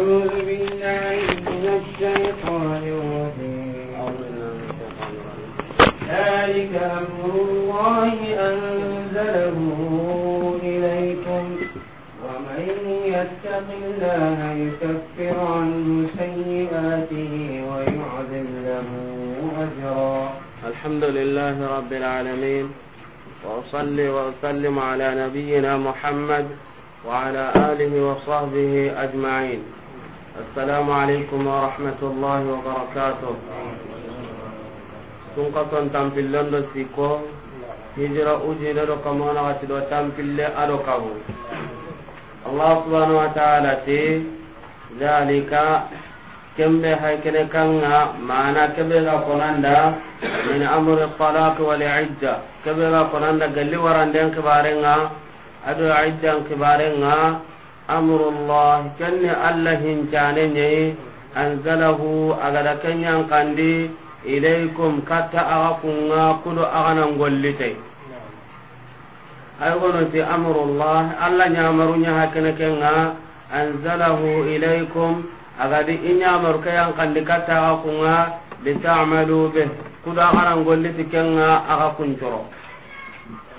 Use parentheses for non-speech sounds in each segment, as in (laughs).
أعوذ بالله من الشيطان الرجيم ذلك أمر الله أنزله إليكم ومن يتق الله يكفر عنه سيئاته ويعظم له أجرا الحمد لله رب العالمين وأصلي وأسلم على نبينا محمد وعلى آله وصحبه أجمعين السلام عليكم ورحمة الله وبركاته سنقصا تنفلن رسيكو هجرة أجينا رقمون غتدو تنفل أرقبو الله سبحانه وتعالى تي ذلك kembe hay kene kanga mana kebe ga konanda min amri talaq wal idda kebe ga konanda galli waranden kibarenga adu amru allah kanni allah hincane nyai anzalahu agada kenyan kandi ilaykum katta aga kunga kudo agana ngollite ay gonoti amrullah allah ñamaru ñaha kene kenga anzalahu ilaykum agadi i ñamaru ke yankandi katta aga kunga litamalu be kudo agana ngolliti kenga aga kuncoro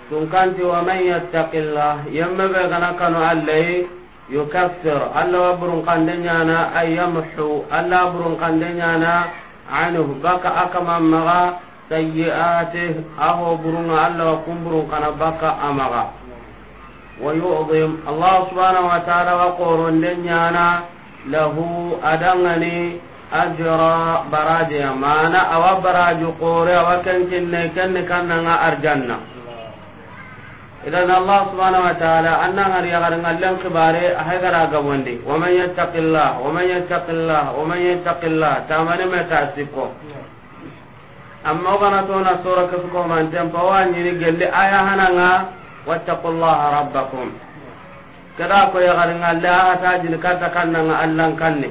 tun kanti waman yattaqillah yemme be gana kano allahi yukaffir alla waburun kande nyana ay yamhu alla waburun kande nyana anhu baka akama maga sayyi'atih aho burunga alla wakumburun kana baka amaga wa yu'zim allah subhanahu wa ta'ala wa qoronde nyana lahu adangani ajra baraje mana awa baraje qore awa kankinne kanne kannanga arjanna idan allah subhanahu wa ta'ala anna har ya garan allan kibare hay gara ga wonde wa man yattaqillah wa man yattaqillah wa man yattaqillah tamane ma tasiko amma bana to na sura ka ko man tan pawani ni gelle aya hananga wattaqullaha rabbakum kada ko ya garan allah ta jil kata kannan allan kanne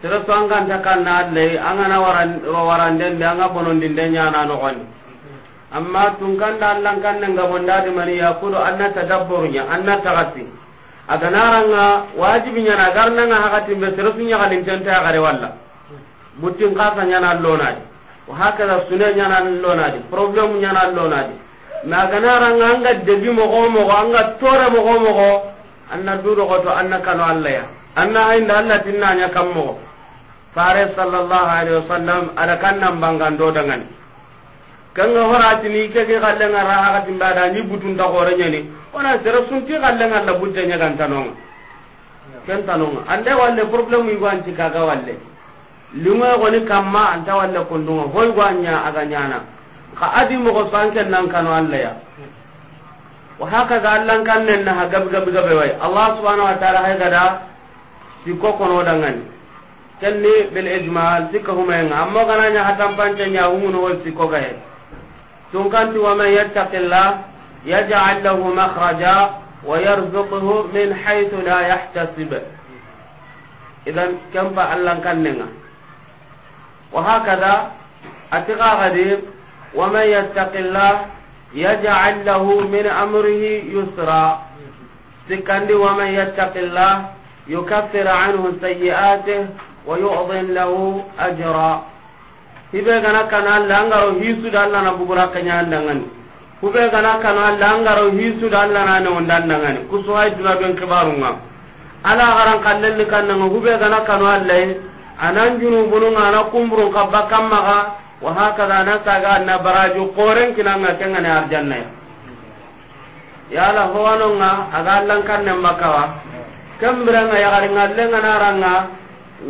sira so an kan ta kanna alle an ana waran waran den de an ga bonon din de nyana no gonni amma tun kan kan da kanda allan kanne ngabondadi mani yakudo anna tadabburunya anna tagasi aganaranga wajibi nga ñana agarnanga hakatimbe seresu ñagalinten taagare walla buttin kasa ñana allonaadi wahakada sune ñana allonaadi probléme ñana allonaadi ma aganaranga anga debi mogo mogo anga tore mogo mogo anna duɗogoto anna kano allaya anna ainda allah tinnaña kam mogo fare sallallahu alaihi wasallam ala kan nan bangando dangani kanga horatini keke kallenga rahakatin bada ni butunta nyani ona sere sunti kallenga la budde nyagantanonga tanong ande walle problème igwanti kaga walle lunga goni kamma anta walle kundunga hoy gwanya aga nyana ka adi mogo sanke nan kano alla ya wa ga allan nan na ha gabi gabi gabe wai allah subhanahu wa ta'ala hay gada sikko kono dangani kenni bil ijmal tikahuma nga amma gananya hatan pancenya umuno wal sikoga gaye تنكنت ومن يتق الله يجعل له مخرجا ويرزقه من حيث لا يحتسب اذا كم فعلن كننا وهكذا اتقى غريب ومن يتق الله يجعل له من امره يسرا سكندي ومن يتق الله يكفر عنه سيئاته ويعظم له اجرا hibe gana kana alla angaro hisu da alla na bubura kanya alla ngani kube gana kana alla angaro hisu da alla na ne ondan ngani kusu hay dura ben kibarunga ala garan kallel kan nga kube gana kana alla anan junu bunun ana kumburun kabba kamma ga wa hakada na saga na baraju qoren kinanga kengane arjanna yala howanonga aga allan kan ne makawa kambiranga yagaringa lenga naranga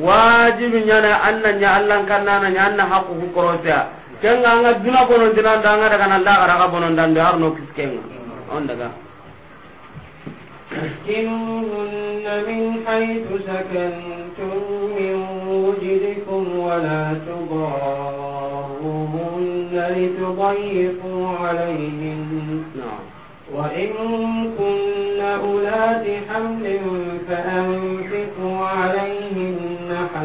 wajibi nyana anna nya allan kannana nya anna hakku ku korosya kenga anga duna bonon dinan anga daga nan da gara bonon dan da arno kiskenga on daga اسكنوهن من حيث سكنتم من وجدكم ولا تضاروهن لتضيقوا عليهن وإن كن أولاد حمل فأنفقوا عليهن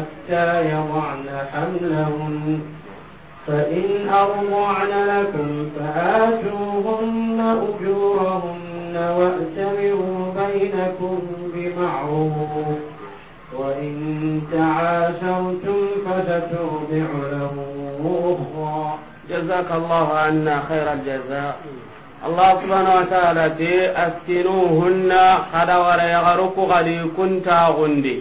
حتى يضعن حملهن فإن أرضعن لكم فآتوهن أجورهن وأتمروا بينكم بمعروف وإن تعاسرتم فسترضع له أخرى جزاك الله عنا خير الجزاء الله سبحانه وتعالى أسكنوهن خدور يغرق غلي كنتا غندي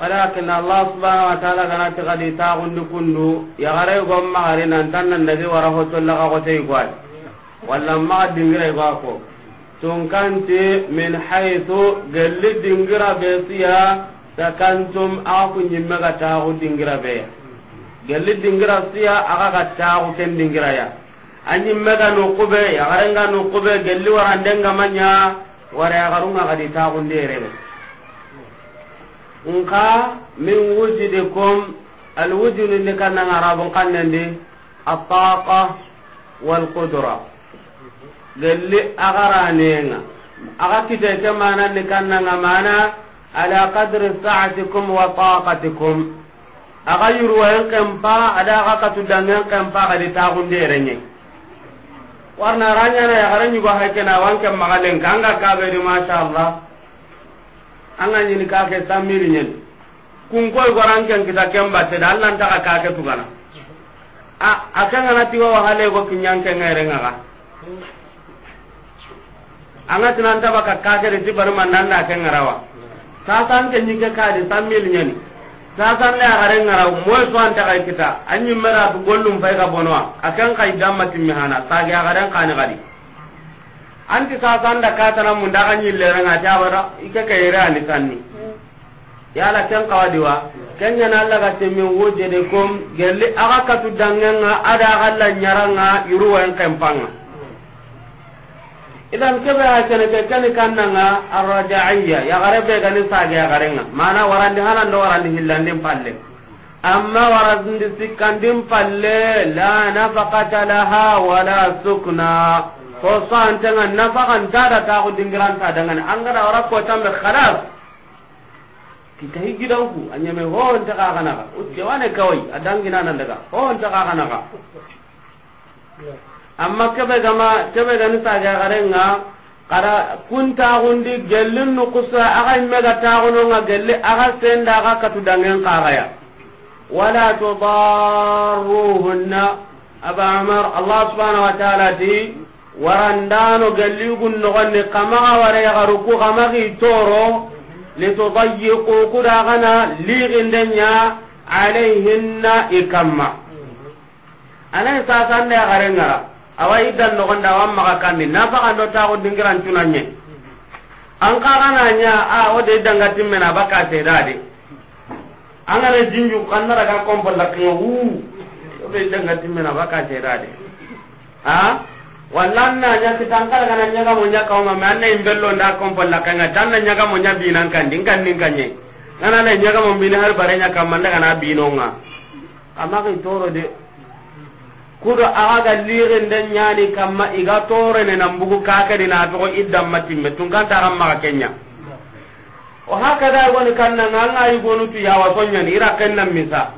walakin allah subhanahu wa ta'ala kana ta gadi ta gundu kundu ya gare go nan tan nan daga wara hoto la ko tay ko walla ma dingira go ko tun kanti min haythu galli dingira be siya sakantum aku nyimme ga ta go dingira be galli dingira siya aga ga ta go dingira ya anyi mega no kube ya gare nga di ta nka min wujudikum alwujudu ni kanna arabun kannandi ataqa wal qudra galli agaranenga aga kite ke mana ni kanna mana ala qadri sa'atikum wa taqatikum aga yurwayen kempa ada aga katudangen kempa kadi tagunderenye warna ranyana ya haranyu go hakena wanke magalen kanga kabedi masha Allah an nyini ka ke tamiri nyen kun koy goran ken kita kemba te Allah ta ka tugana a akanga na tiwa wahale go kinyan ke ngere ngaga anga tinan ta baka ka ke ti bar nan na ke ngarawa ta san ke nyike ka de tamiri ta san le are so an ta kai kita anyi mera to gollum fay ga bonwa akan kai damma timmi hana ta ga garan kan gadi anti sasanda katana munda kan yilleranga ti abada ike kayere ani sanni yala ken kawadiwa kenya na alla ga temme woje de kom gelli aga katu dangenga ada alla nyaranga iruwa en kempanga idan kebe ha tene ke kan kannanga arraja'iyya ya garebe ga ni sage ya garenga mana warandi hanan do warandi hillandin palle amma warandi sikandin palle la nafaqata laha wala sukna ko so an nga nafa kan tada ta ko dingiran ta dangan an da ora ko tambe khalas kita higi dan ku anya me ho on taka kana ka o jawane kawai adangina nan daga ho on taka kana ka amma kebe gama kebe gani sa ga garenga kara kunta hundi gellin nu kusa aga ga ta gono nga gelle aga senda aga katu dangen ya wala tudaruhunna aba amar allah subhanahu wa ta'ala di warandano galligun nogondi kamaga wara yagaruku kamagi toro litudayiqu kudagana liigindenya alayhinna ikamma anayi sasanda yagarengara awa iddan nogondi awan maga kammi nafagando tago dingirantunanye an kagananya a wo de iddangatinmena abakasedade angana jinju kannaraga kompollakiga hu wo de iddangatinmena abakasedade ah. walla na nya kitan kala kana nya ga monya ka ma man nay bello nda kom polla kanga tan na nya ga monya binan kan din kan nin kan nye nana na nya ga mon bi har bare nya kam man bi na binonga amma kai toro de kudo aga lirin den nyani kamma iga toro ne nan bugu ka ka dina to iddam matimme tun kan ta ka kenya o haka da hakada woni na nganga ayi gonu tu yawa sonya ni ira kenna misa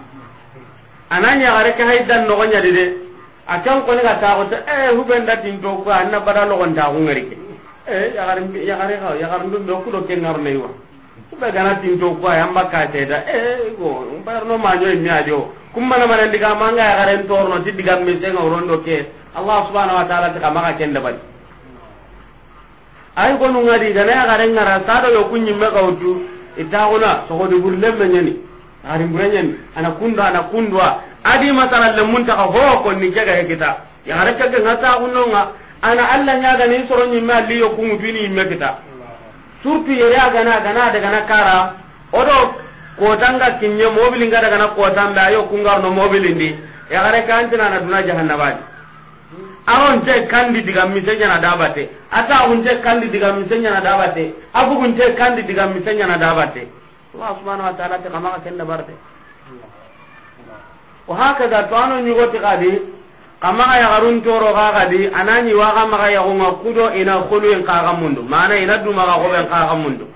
ananya are ka haidan no gonya de a can koni ga taxo ta e eh, huben da tin to ko anna bada logon ta ngari ke e eh, yagar yagar ha yagar ndum do kulo ke ngar nei wa hube gana tin to ko yamba ka te da e eh, go mbar no ma nyoy mi ajo kumma mana mana diga manga yagar en torno ti diga mi se ngoro ndo ke allah subhanahu wa taala ta maka ken da bari ko nun ngadi gana yagar en ngara sa do yo kunyi me gawtu itaguna so ko de burle menyani ari buranyani ana kunda ana kundwa adi masala le mun ta ho ko ni jaga he kita ya har ka ga ta unno nga ana allah nya ga ni soro ni ma liyo ku mu bini me kita surtu yere aga na ga na daga na kara odo ko tanga kinye mobil ga daga na ko tanga yo ku ngar no mobil di ya har ka antina na duna jahannaba aron te kandi diga misenya na dabate ata un te kandi diga misenya na dabate abu un te kandi diga misenya na dabate allah subhanahu wa ta'ala ta kamaka ka kenda barte wa da to ano nyugoti kadi kama ga yagarun toro ga kadi anani wa ga maga yagunga kudo ina in ka ga mundu mana ina duma ga goben ka ga mundu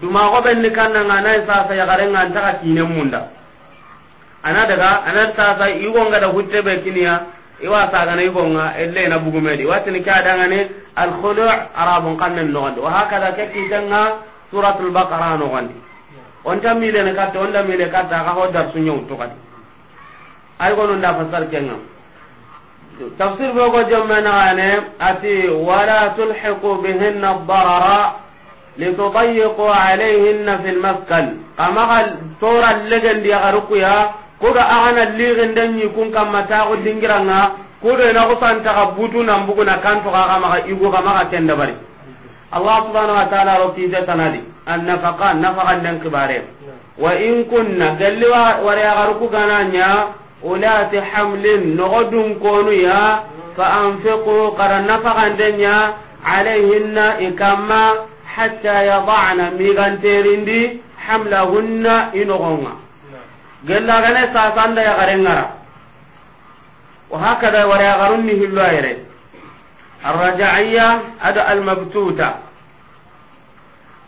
duma goben ni kanna ngana sa sa yagarenga antaka kine munda ana daga ana sa sa igonga da be kiniya iwa sagana igonga elle na bugumedi watini kadanga ne al khulu' arabun kannan nogondi wa hakaza kakitanga suratul baqara nogondi on le ne katta on tamile katta ga hodar sunyo to kadi ay gonu nda fasar kenga tafsir be go jamma na ane ati wala tulhiqu bihinna darara litudayiqu alayhinna fil maskan kama gal tora legendi agarukuya koga agana ligin danyi kun kamma tago dingiranga kodo ina kusanta ka butu nan bugu na kanto ka kama ka igu kama ka kenda bari allah subhanahu wa ta'ala ro kije tanadi an nafaqa nafaqa nan kibare wa in kunna galli wa wari agaruku gananya ulati hamlin nogodun konu ya fa anfiqu qara nafaqanden ya alayhinna ikamma hatta yadana miganterindi hamlahunna inogonga gellagane sasanda yagarengara وهكذا ولا يغرني الوايرين الرجعية أدى المبتوتة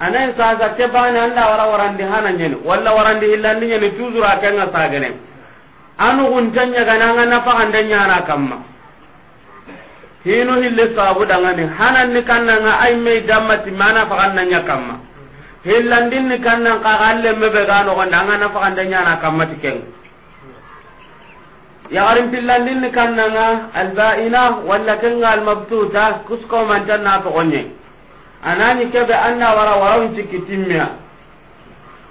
anan saga ke bani anda wara warandi hanan yen walla warandi hillandi yen tuzura kenga sagene anu guntanya gananga na fagandanya na kamma hinu hille sabu ni hanan ni kannanga ay me dammati mana fagandanya kamma hillandin ni kannan ka galle mebe gano gondanga na fagandanya na kamma tikeng arim pillandin ni kannanga albaina walla kenga almabtuta kusko janna to gonye anani kebe anna wara warawin tikitimmya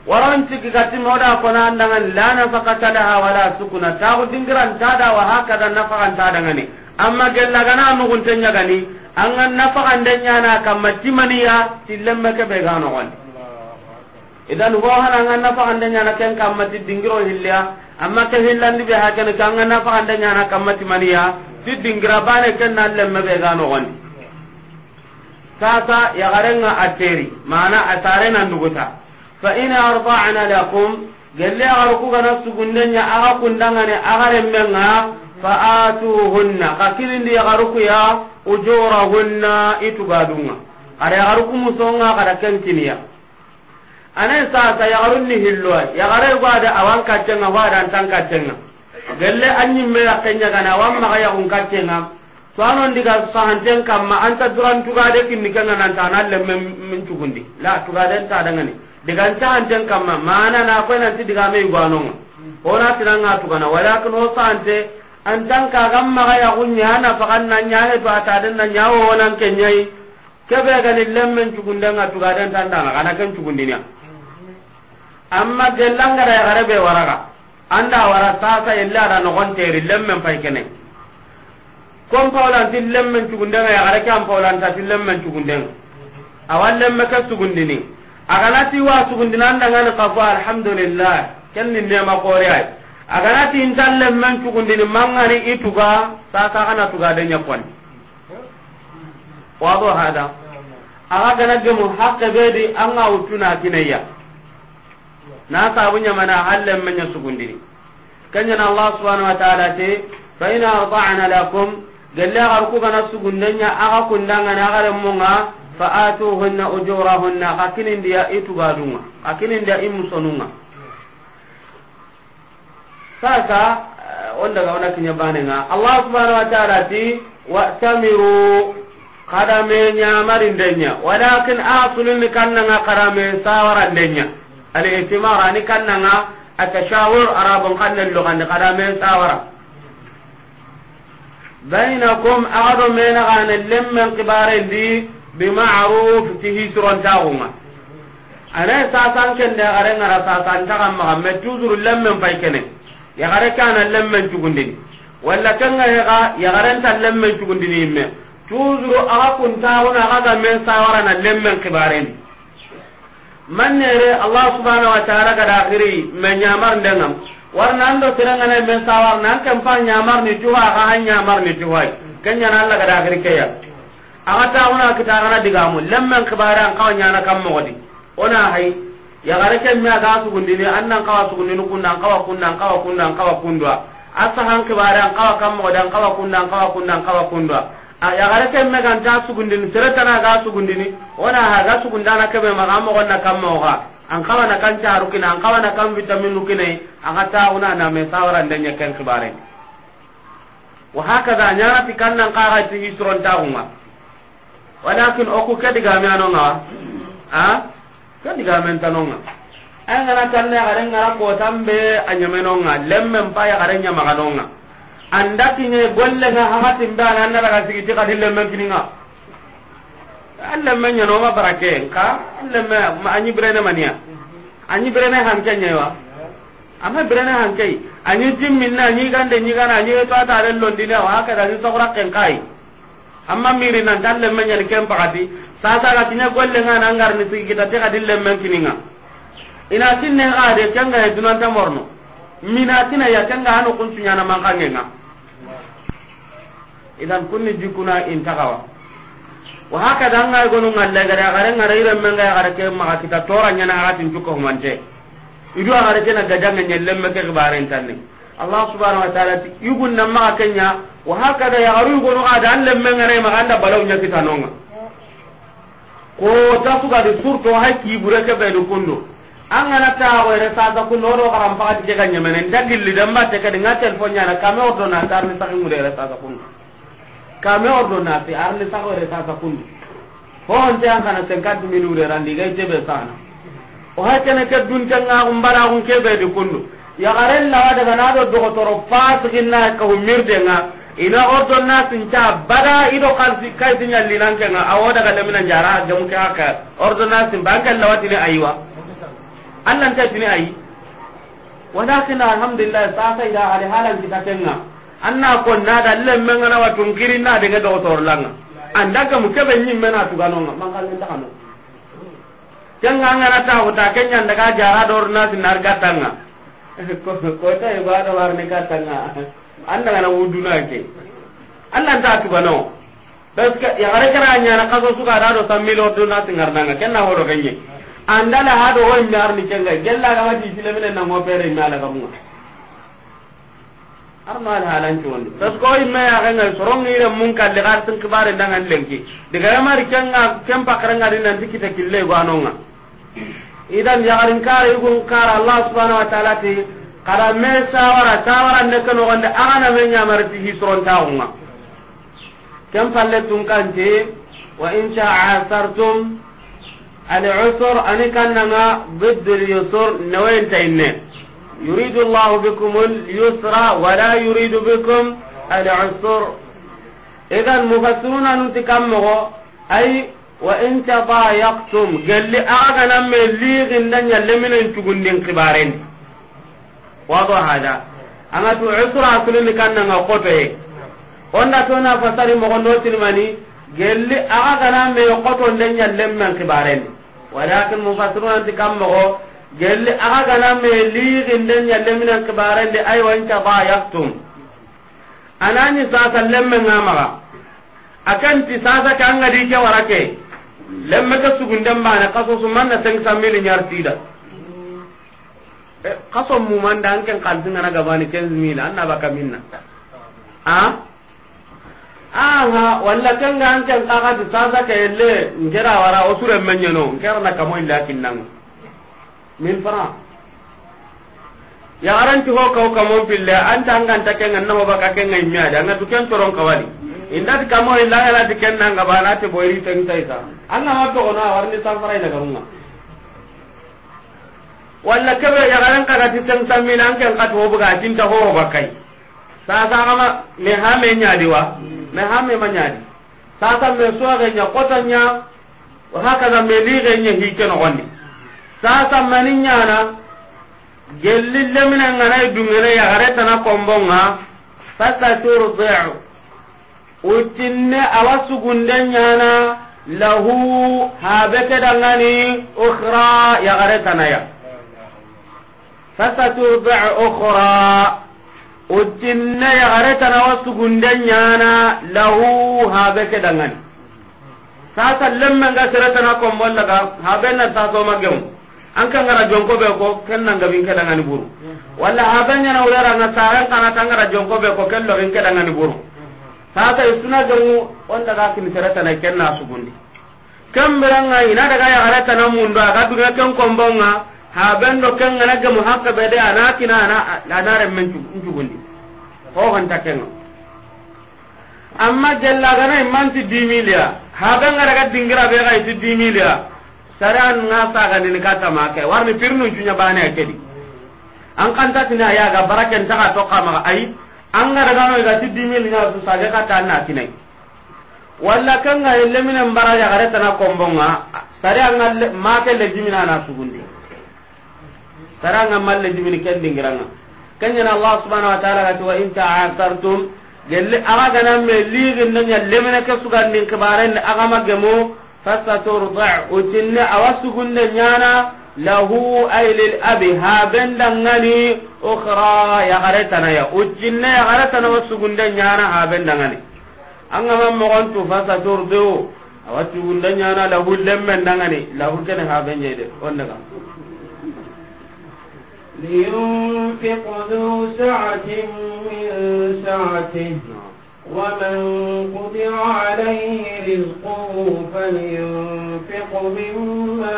waranti ki gati moda kona andangan la nafaqata laha wala sukuna tagu dingiran tada wa hakada nafaqan tada ngani amma gella gana mu guntenya gani anga nafaqan denya na kamma timaniya tillemma ke be gano gon idan ho hana anga nafaqan denya na ken kamma dingiro hilya amma ke hillandi be hakana kanga nafaqan denya na kamma timaniya tidingira bane ken na lemme be gano gon sasa yagarenga ateri mana atare na nduguta fa in arda'na lakum gelle agar ku gana sugundenya aga kundangane aga remmenga fa atuhunna ka kilindi agar ku ya ujurahunna itugadunga ada agar ku musonga kada kenkiniya anai sasa yagarunni hilloa yagare gwada awan kaccenga wada antan kaccenga gelle anyimme yakkenya gana awan maga yakun kaccenga to anon diga sahanten kamma anta duran tugade kinni kenga nanta analemmen min cugundi la tugaden ta dangane digan cahanten kamma mana na koy nanti digame yuganonga ona tinanga tugana walakin ho sante an tan kagan maga yagu ñana fagan na ñahetu ataden na ñawo wonan ke ñayi kebe gani lemmen cugundenga tugaden tandana kana ken cugundinia amma gellangara yagare be waraga anda wara sasa yelle ada nogonteri lemmen pay kene kon paulanti lemmen cugundenga yagare ke an paulantati lemmen cugundenga awa lemme ke sugundini aganati wa sugundinan dangane kafo alhamdulillah kenni nema kore ay aganati intalle man cugundini mangani ituga sasa kana tuga de nyakwan wado hada aga gana gemu hakke bedi anga utuna kinaya na sabu nyamana halle manya sugundini kanyana allah subhanahu wa ta'ala te fa ina arda'na lakum galle garku kana sugundanya aga kundanga na gare fa atuhunna ujurahunna akinin dia itu gadunga akinin dia imusonunga sasa eh, onda ga ona kinya banenga allah subhanahu wa ta'ala ti wa tamiru kada me nyamarin denya walakin kanna nga karame sawaran denya al ihtimara ni kannanga atashawur arabun kannal lugan kada me sawara bainakum aqadu mena kana lemmen kibarendi bima'ruf ti hisirontaxunga ana sasan kende are ngara sasan taxan maxa mais toujours lemmen fay kene yaxare kana lemmen cugundini walla kenga hexa yaxarenta lemmen cugundini yimme toujours axa kuntaxuna axa gamen na lemmen xibareni man nere allah subhanau wa taala gada xiri me ndenam warna an do sirengane men sawarna an ken fa tuwa ñamarni tuxa axa xa ñamarni tuxay kenñana allah gada xiri keya aga taxuna diga digamu lemmen kibare an kawa ñana kam moxodi ona hay yagare kemme aga sugundini an nan kawa sugundini kunda an kawa kunda an kawa kunda an kawa kundwa a sahan kibare an kawa kam moxodi an kawa kunda an kawa kunda an kawa kundwa yagare kemme ganta ga su gundi sugundini ona ha aga sugundana keɓe maga moxonna kam moxa an kawa na kan caru kina an kawa na kan vitaminu kina agata una na me sawarande ñekken kibare wa hakaza nyana kan qara tihi ti hisrontaxunga walakin oku ke digame nga a ke digame tanonga ay ngana tanne garen ngara ko tambe anyamenonga lemme ya kare nya maganonga anda tinye golle nga hamatin ba nan na daga sigi tika dille men kininga alle men nya no ma barake ka alle anyi brene mania anyi brene hanke nyewa amma brene hanke anyi timmin na anyi gande nyi gana anyi to ta rellon dile wa haka da ni amma miri nan tan lemme nyani kem pakati sasa ga tinya golle nga nan ngar ni sigi kita te kadil lemme kininga ina tinne ga de kanga e dunan ta morno mina tina ya kanga hanu kun tunya na mangange nga idan kunni jikuna intakawa wa haka dan ga gonu ngalle ga da gare ngare lemme ga ga ke ma kita tora nyana ga tin ko manje idu ga ke na gadanga nyellemme ke gbarin tanni allah subhanahu wa ta'ala ti yugun nan ma kenya wa hakada ya garu yugo no ada an lemme ngare ma anda balaw nya kita nonga ko ta suka di surto hakki bureke be do kondo an ngana ta wa re sa ga kuno do garam pa ti ga nya menen dagilli li ma te kadi ngatel fo nya na kame ordo na tar ni sa ngi re sa ga kuno kame ordo na ti ar ni sa ga re sa da kuno ho on te an kana 50 minu re randi ga te be sana o ha ne ka dun kan ga umbara kun ke be do kondo yagaren lawa daga nado dogotoro fasiginna ka nga ina sin ta bada ido kalsi ke nga awo daga lemina jara gemuke haka orto lawa ba anken lawatini ta allantetini ayi walakin alhamdulillah sasa da ali halan kita kenga anna ko da lemmenga na wa tungirin na de dogotoro langa anda gamu kebe nyimme na tuganonga mangalle takano kenga ngana ta hota kenya daga jara dor nasin nargatanga (laughs) kota ibada warni katanga ah, anda ngana na ke alla ta tubano daska ya gare kana nyana kaso suka san sammilo do na tingarnanga kenna hodo kenye andala hado ho nyar ni kenga gella ga wati silemene na mo pere mi ala kamunga arma ala halan ci wonni tas ko imme ya ga ngal soron ni re mun kalle gar tin kibare dangan lenki diga mari kenga kempa karanga dinan dikita kille go anonga idan yagarin kara yugun kara allah subhanahu ti kada me sawara ne kan wanda ana hisron wa ani kannanga bidd al-yusr nawayn tayne yuridu allah bikum al-yusra wa la yuridu bikum wa in tadayaqtum galli aga nan me ligin dan yalle minen tugundin kibaren wado hada anga tu usra kulun kanna nan ko to onda to na fasari mo gondo tilmani gelli aga kana me qoto den nyallem man kibaren walakin mufassirun tikam mo gelli aga kana me ligin den nyallem man kibaren de ay wanta ba yaktum anani sa sallam men ngama akan ti sasa kanga di ke warake lemme ke sugunden bana kaso su manna cinq cent mille ñartida kaso mu mumanda an ken kalsingana gabani quinze mille an nabaka minna a aha walla kenga an ken kakati sasa ke elle nkera wara o suren meñeno nkerana kamo illa kinnanga mille franc yagaranti ho kaw kamon pille anta anganta kenga nahobaka kenga immiade angatu ken toron kawali indati kamo illa ala ti kenna nga bana te boyri tan ta anna ma to ona warni san farai daga runga walla kebe ya garan ka ga ti tan san min an kan ka wo buga tin ta ho bakai sa sa kama me ha me di wa me ha me ma nya di. sa sa me so ga nya kota nya haka da me li ga nya hi ken wonni sa sa mani nyana gelli lemina ngana dungene ya gare tana kombonga turu turdi'u utinne awa sugunde nyana lahu habeke dangani ukhra yagare kanaya fasaturdi ukhra utinne yagare tana awa sugunde nyana lahu habeke dangani sasa lemme nga seretana kombollaga habena sasomagemu an kan gara jonko be ko ken nan gabin ke dangani buru walla habanya na ulara na saran kana kan gara jonko be ko ken lo ke dangani buru sasa isuna gangu wanda ga kini serata na kenna sugundi kambiranga ina daga ya garata na mundo aga dunya kan kombonga ha bendo ken ngana gamu hakka bede ana kina ana ana remmen jugundi ko ta kenga amma jella gana ti dimilia ha banga daga dingira be ga ti dimilia saran nga saga ni kata make warni pirnu junya bana kedi an kan ta ya ga baraken ta ka to kama ai anga daga no ga dimi ni ga su saga ka ta na tinai walla kan ga le min bara ya gare tana kombonga sare anga ma ke le dimi na na sugundi sare anga mal le dimi ken dingiranga kanya na allah subhanahu wa ta'ala ga in ta'asartum gelle aga me sugan din kibaren aga magemo nyana lahu ay lil abi ha bendangani ukhra ya garetana ya ujinna ya garetana wasugunda nyana ha bendangani anga mam mo gontu fasa turdu awatu gunda nyana lahu lemmen dangani lahu kene ha benje de onna kam لينفق ذو سعة من سعته ومن قدر عليه رزقه فلينفق مما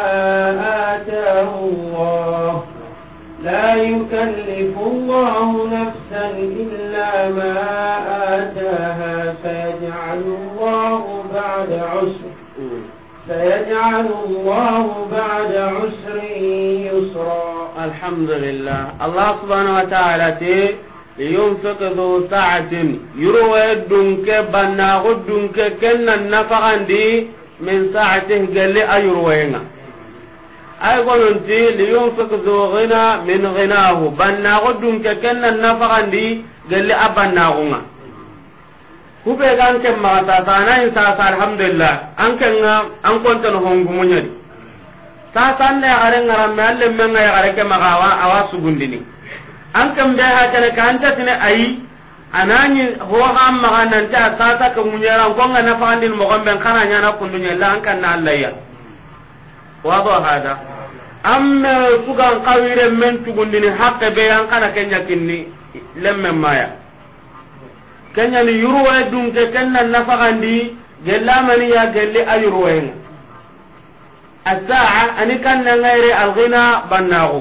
يكلف الله نفسا إلا ما آتاها فيجعل الله بعد عسر فيجعل الله بعد عسر يسرا الحمد لله الله سبحانه وتعالى لينفق ذو سعة يروى الدنك بنا غدنك كنا نفقا دي من ساعته قال لي أيروينا ay gononti liyunfik zu ghina min ghinahu bannago dunke kenna nafagandi gelli a bannagunga kube ga anke maga sasa sa sasa alhamdulillah anke nga an kontano hongumuñadi sasa anna yagare ngaranme an lemmenga yagare ke maga awa awa sugundini anke mbe ha kene ka antatine ayi anani hoxa maga nante a sasa ke muñeran konga nafagandin mogonɓen xana ñana la an kanna allahya waa ba haata an meewwee sugan qawwiire meentiggu nin haqa bee an qan ake nyaatiin ni leen ma maya kaan yennan yuruwee dunke kan na nafaqaandii gella yaa gali ayurweeng asaaha ani kan na ngayri alxinaa bannaaqu.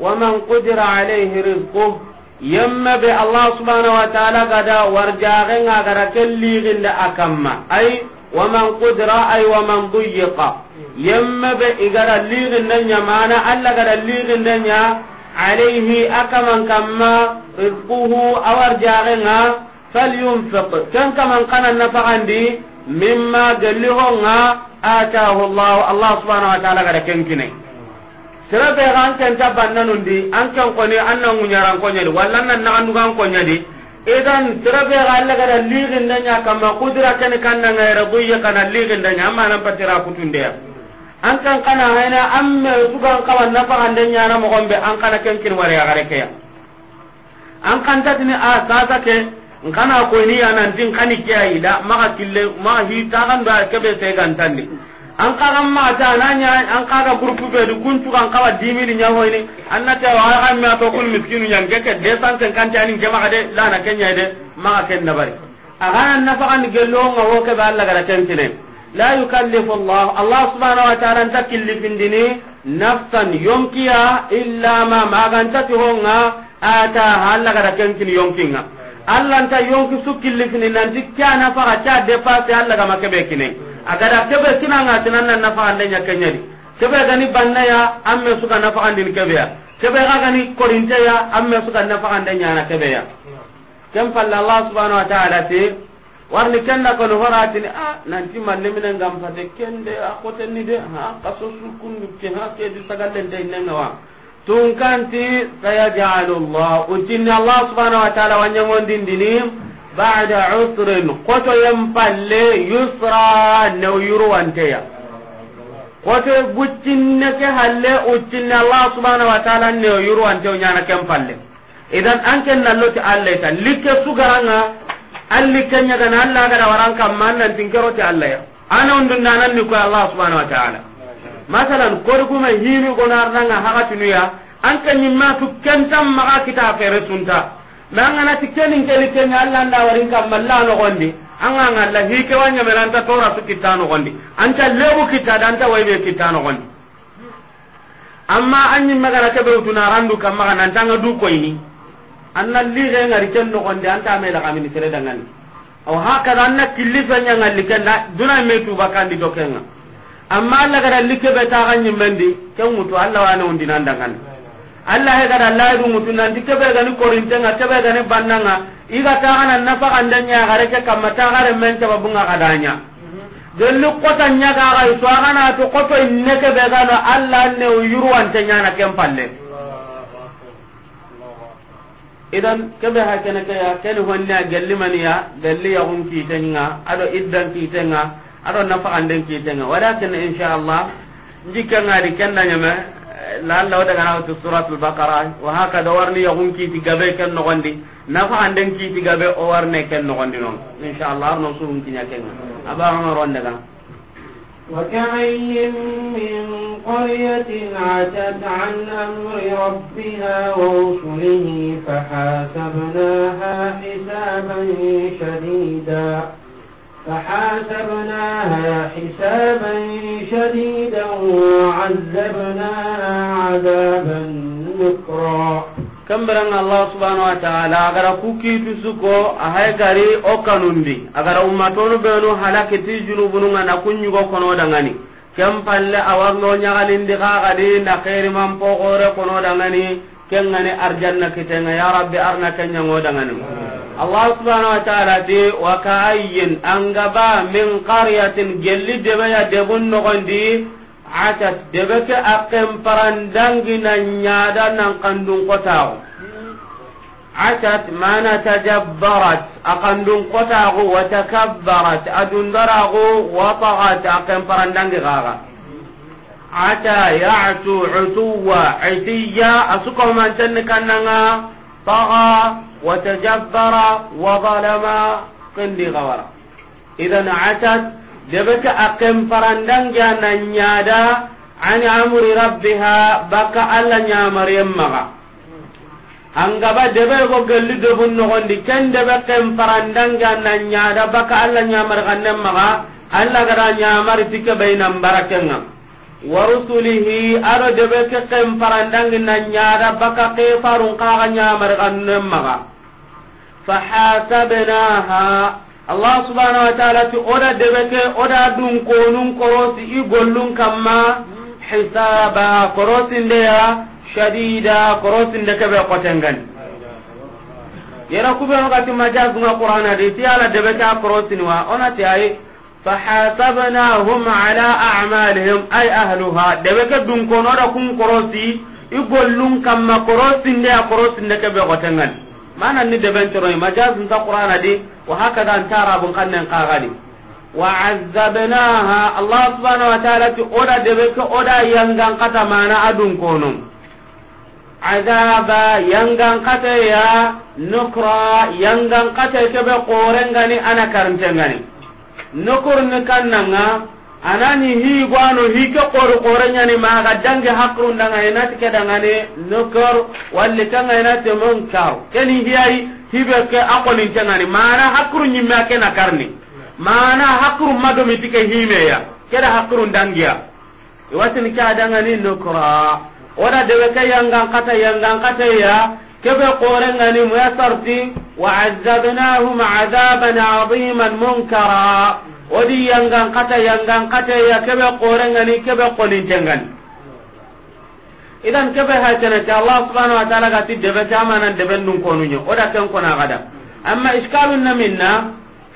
wama kuduraalee hirriibko yemme bi allah subaana wa taala gaada warjaa gaada kan liiqinne ay waman kudura ay waman buyefa. yemme be igara liiginde nya mana allah gara liiginde nya alayhi akaman kamma rizquhu awar jaxenga falyunfiq kan kaman kana nafagandi mimma gelli honga atahu llahu allah subhanahu wa taala gara kenkine sirabe ga an kenta bannanundi an ken koni an na ŋuñaran koñadi walla an na naxandugan koñadi idan sirabe ga allah gara liiginde nya kamma kudira keni kannanga yere duye kana liiginde nya amma nan patira kutundeya an kan kana hayna su sugan kawan na fagan den yana mo gombe an kana ken kin wari gare ke an kan tatini a ta ke kana ko ni yana din kani ke ayi da maka kille ma hi ta kan da ke be sai kan ni an kaga ma ta nya an ga groupe be du tu kan kawa dimi ni nyaho ni ta wa an ma to kun miskinu nya ke ke de san ten kan ni ke maka de ken kenya de maka ken na bari aga na kan gello ngo ke ba Allah gara ken tinen la yukallifu Allah Allah subhanahu wa ta'ala anta killifindini nafsan yonkiya illa ma magantati honga ata halla gara kenkin yonkinga Allah anta yonki su killifini nanti kana de cha depasse Allah ga makebe kine agada kebe kinanga tinanna nafa andenya kenyadi kebe gani banna ya amme suka nafa andin kebe ya kebe ga gani korinte ya amme suka nafa andenya na kebe ya kam falla Allah subhanahu wa ta'ala te warni kenda ko ni a nanti malle minen gam fate kende a ni de ha kaso sukundu ke ha kedi sagallen de nenga wa tun kanti sayajalu allah utinni allah subhanahu wa ta'ala dini ba'da usrin koto yam palle yusra new yuru wanteya koto buccinne ke halle utinna allah subhanahu wa ta'ala new yuru wantew nyana kem palle idan an ken ti alle tan likke sugaranga alli kenya gana alla gara waran kam man nan tinkero te alla ya ana undun nan ni ko allah subhanahu wa ta'ala masalan ko ko ma hinu ko narna nga haga tunuya an kan min ma tu kentam ma kita fere tunta ma ngana tikeni ngeli kenya alla nda warin kam malla no gondi an ga ngalla hi ke wanya ta tora su kita kitano gondi an ta lebu kita dan ta waybe kitano gondi amma an yin magana ta beru tunarandu kam magana tanga du koyni anna lige ngari ken no gonde anta me da kamini sere dangani aw hakada anna killi fanya ngalli ken da duna me tu bakandi dokenga amma Allah gara like be ta ganyi mendi ken mutu Allah wana undi nan dangani Allah he gara Allah du mutu nan dike be gani korintenga nga be gani bannanga iga ta kana nafa kandanya gare ke kamata gare men ta babunga kadanya gelli kota nyaga ga to kana to koto inne ke be gano Allah ne uyuru ante nyana kempalle idan kebe ha kene ke ya kene honni a galli mani ya galli ya hun kitenga ado iddan kitenga ado nafa anden kitenga kene insha Allah jikka ngari kenna nyame la Allah daga na to suratul baqara wa haka da warni ya hun kiti gabe ken no gondi nafa anden kiti gabe o warne ken no gondi non insha Allah no su hun kinya kenga aba ma ron daga وكأي من قرية عتت عن أمر ربها ورسله فحاسبناها حسابا شديدا فحاسبناها حسابا شديدا وعذبناها عذابا نكرا kambirang allah subhanahu wa ta'ala agara kukiitu suko ahay gari o kanundi agara ummatonu benu halakiti junubununga na kunyugo kono dangani ken palle awarno ñagalindi kakadi na heriman pogore kono dangani kengani arjanna kitenga ya rabbi arna kenyango dangani allah subhanahu wa ta'ala ti wa ka'ayyin angaba min qaryatin gelli debeya debun nogondi ata debeke akem parandangi na nyada nan kandung kota atat mana tajabbarat akandung ko wa takabbarat adundarago wa tagat akem parandangi gara ata ya'tu utuwa itiya asuko man tan kananga taga wa tajabbara wa zalama kindi gawara idan atat debeke akem parandangia na nyada an amri rabbiha baka alla nyamariyem maga angaba debe go gelli debun nogondi ken debe kem parandangia na nyada baka alla nyamar gannem maga alla gara nyamar tike bainan barakenga wa rusulihi aro debe ke kem parandangi na nyada baka kefarun kaga nyamar gannem maga fahatabnaha Allah subhaana wa taalatti odaa dubartiin odaa dunkoonun koroosii ibollun kan ma xisaaba koroosin dhiyaa sadiidaa koroosin da kabeeqotangan. Yeroo kubbaa wakkati majaa suna quraanadii si ala a ha koroosin waan ona ta'ee. Faxaa sabinaa humna alaa acumaa lihiimu ay ahluuhaa dabeeke dunkoon odaa kun koroosii kamma kan ma koroosin dhiyaa koroosin da kabeeqotangan maanaan ni dabeecirooyi majaa suna di wa haka zan tara abun kan nan kankana ne. wa'azabinan ha alas bani wa talatu oda dabe ta oda yankan ƙasa mana adunkonon. aza ba yankan ƙasa ya nukura yankan ƙasa ya tafi koren gani ana karanta gani. nukurin kan nan ga. anani hi gwano hi ke qor qorenya ni ma ga dange hakrun danga ina tike danga ne nukar walli kanga ina te munkar keni hi ai hibe ke akoni tanga ni mana hakrun nyimme ke na karni mana hakrun madomi tike hime ya keda hakrun dangiya iwatin ka danga ni nukra oda dewe ke yangan kata yangan kata ya kebe qorenga ni muyasarti wa azzabnahum azaban aziman munkara odi yangan kata yangan kata ya kebe korengani kebe kolintengani idan kebe ta allah subhanau wa taala gati debe kamanan deben dun konuñe oda ken kona gada amma iskalunna minna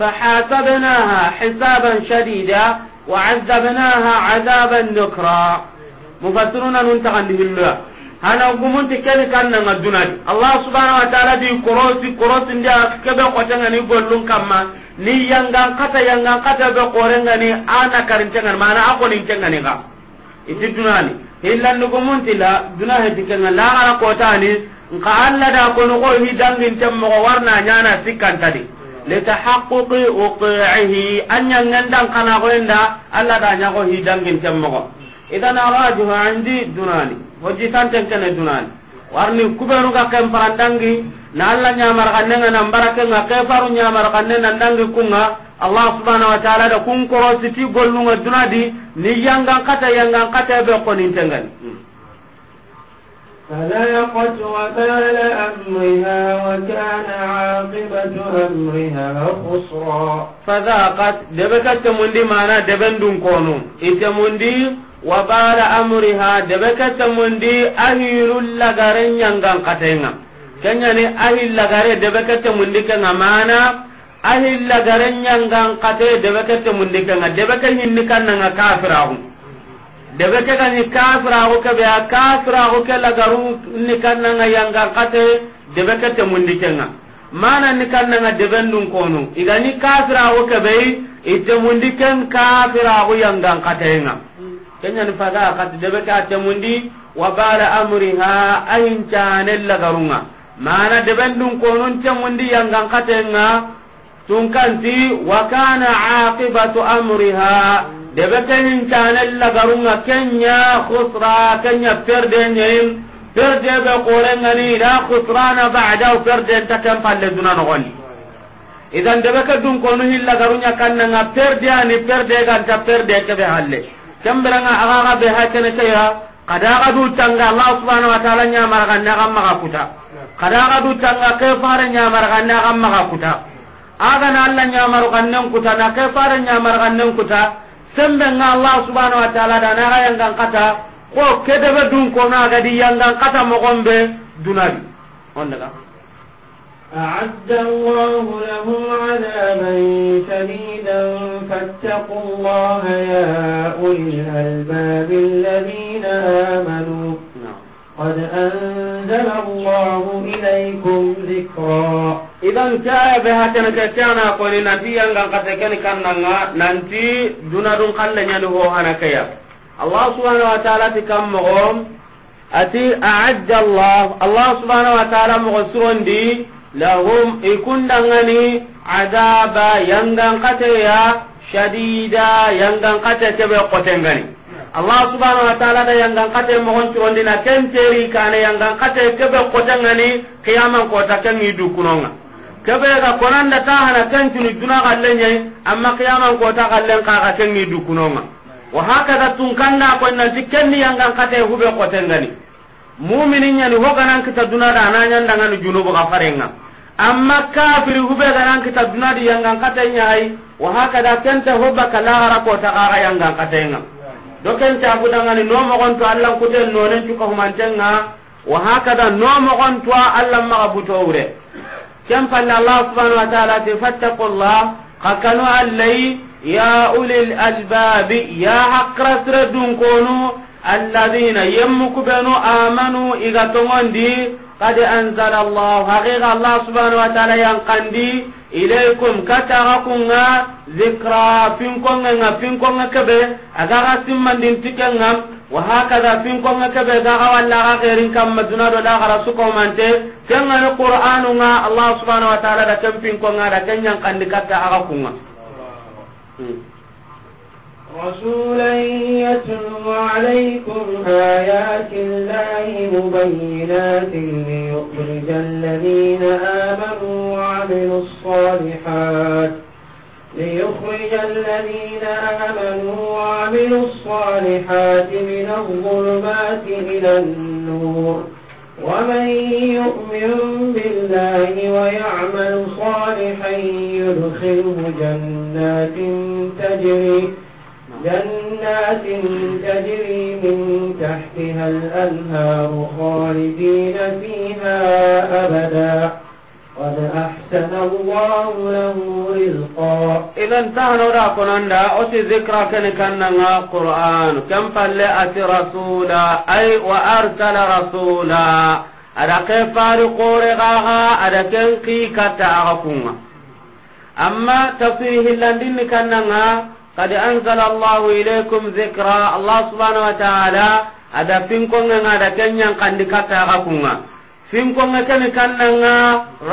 فحاسبناها حسابا شديدا وعذبناها عذابا نكرا مفسرون ننتقل به الله hana gumunti kan kanna ngadunadi allah subhanahu wa ta'ala di korosi korosi ndia kebe kotengani gollun kamma ni yangan kata yangan kata be korengani ana karincengani mana a konincengani ga iti dunani hillandugumunti-la duna hetikenga lagara kotani nka allah da kono ko hi danginten warna da hi idan dunani dunani warni na Allah nyamar kanne na baraka na kai faru nyamar kanne na dangi kunga Allah subhanahu wa ta'ala da kun koro siti gollu ga dunadi ni yanga kata yanga kata be ko ni tengal fala yaqut wa bala amriha wa kana aqibatu amriha khusra fadhaqat debaka tamundi mana debendun kono itamundi wa bala amriha debaka tamundi ahirul lagarin yanga kata yanga kenyani ahilla gare debe kete mundike nga mana ahilla gare nyanga nkate debe kete mundike nga debe ke hinni kanna nga kafirahu debe ke hu kafirahu kebe kafira hu ke lagaru ni kanna nga yanga nkate debe kete mundike nga mana ni kanna nga debe ka igani kafirahu kebe ite kafira hu yanga kate nga kenyani faga da debe ke ate mundi wa bala amriha ayin chane lagarunga mana deben dun konun temundi yangan katenga tunkanti wa kana aqibatu amriha debe kenin canen lagarunga kenya khusra kenya perdenyein perde be korengani ida khusrana ba'dahu perde taken palle duna nogoni idan debe ke dun konu hilla garunya kannanga perde ani perde ganta perde kebe halle kemberanga aga ga be hakene kaya kada ga du tanga allah subhanahu wa ta'ala nya marga na ga maga kuta kada ga du tanga ke fare nyamar ganna kam maka kuta aga na Allah nyamar ganna kuta na ke fare nyamar ganna kuta sembe nga Allah subhanahu wa ta'ala da na yang kan kata ko ke de dun ko na ga di yang kan kata mo gombe dunari on daga أعد الله لهم عذابا شديدا فاتقوا الله يا أولي الألباب الذين آمنوا an أنزل الله إليكم ذكرا إذا جاء بها كان كان قول نبيا كان قد كان كان ننتي دون دون قال لن هو أنا كيا الله سبحانه وتعالى كم مغوم أتي أعد الله الله سبحانه وتعالى مغسرون دي lahum ikundangani adaba yangan kateya shadida yangan kate kebe kotengani allah subhanahu wa ta'ala da yangan kate mogon curondi na ken teri kane yangan kate kebe kota ngani kiyaman kota ken idu kunonga kebe ga da ta hana ken tuni duna gallenye amma kiyaman kota gallen ka ga ken idu kunonga wa da tun kanda ko nanti ken yangan kate hube kota ngani mu'minin yani kanan kita duna da da dangan junubu ga farenga amma kafiri hube nan kita duna di yangan kate nyai wa hakada kenta hoba kala hara kota ga yangan kate ngani. doken cabudangani no mogontu allan kuten nonen cuka humantenga wa hakada no mogontu allan maga butowure ken palle allah subhanau wa taala ti fattakullah kakanu allayi ya ulil albabi ya hakra sire dunkonu alladina yemmukubenu amanu iga togondi kad anzala allah hakika allah subhanau wa taala yankandi ilaykum kataga kunga zikra finkonga nga finkonga kebe agaga simmandin tikenga wa hakaza finkonga kebe gaga walla ga gerin kamma dunado da gara suko mante kenga ni qur'anu nga allah subhanahu wa ta'ala da kan finkonga da kenyan kandi kataga kunga hmm. رسولا يتلو عليكم آيات الله مبينات ليخرج الذين آمنوا وعملوا الصالحات ليخرج الذين آمنوا وعملوا الصالحات من الظلمات إلى النور ومن يؤمن بالله ويعمل صالحا يدخله جنات تجري جنات تجري من تحتها الأنهار خالدين فيها أبدا قد أحسن الله له رزقا إذا انتهى نورا قلنا أتي ذكرى كان كان قرآن كم فلأت رسولا أي وأرسل رسولا أدا كيف فارقوري رغاها أدا كن قي كتا أما تفيه لندن كان قد أنزل الله إليكم ذكرى الله سبحانه وتعالى أدا فينكونا أدا كنيا قد كتاغكونا فينكونا كن كننا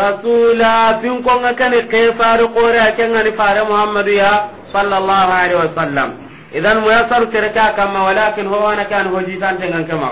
رسولا فينكونا كن كيفار قورا كنغا نفار محمد يا صلى الله عليه وسلم إذا ميسر تركا كما ولكن هو أنا كان هو جيتان تنغن كما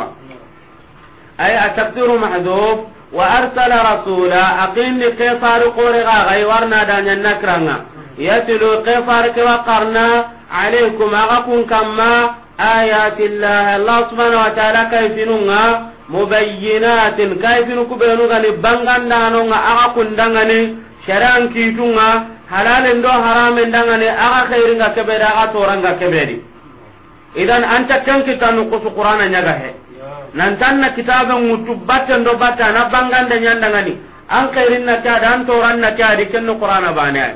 أي التقدير محذوف وأرسل رسولا أقيم لكيفار قورا غيورنا دانيا نكرنا yatlu qefar ke wa qarna alaykum aga kun kamma ayati llah allah subhanahu wa ta'ala kayfinunga mubayyinatin kayfinu kubenu gani bangandanonga aga kundangani sharan kitunga halalen do haramen dangani aga khairinga kebedi aga toranga kebedi idan anta kenki tanu kusu qur'ana nyaga he nan tanna kitabe ngutu batten do batta na banganda nyandangani an khairin na an na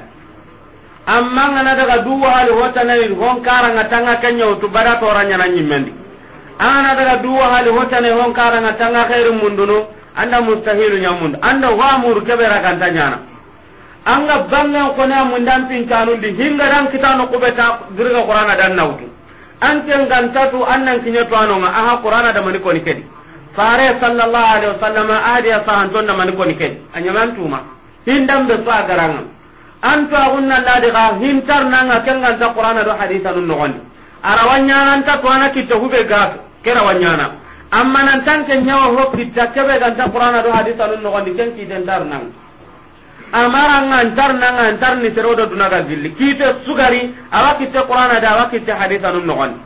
amma ngana daga duwa hali hota na hon karanga tanga kenya utu bada tora nyana nyimendi angana daga duwa hali hota na hon karanga tanga khairu mundunu anda mustahilu nyamundu anda wa muru kebera kanta nyana anga banga kona mundan pincanu di hinga ran kita no kubeta dirga qur'ana dan nautu anke ngantatu annan kinya to anonga aha qur'ana da mani koni kedi fare sallallahu alaihi wasallam ahdiya sahan tonna mani koni kedi anyaman tuma hindam be fa garanga an agunna la de ga hintar nanga kenga ta qur'ana do haditha nun nogondi arawanya nan ta to ana kitta hube ga kera wanyana amma nan tan ken nyawa ho kitta kebe ga ta qur'ana do haditha nun nogondi ken ki den dar nang amara ngan tar nanga antar ni tero do dunaga gilli kite sugari awa te qur'ana da awa kitta haditha nun nogondi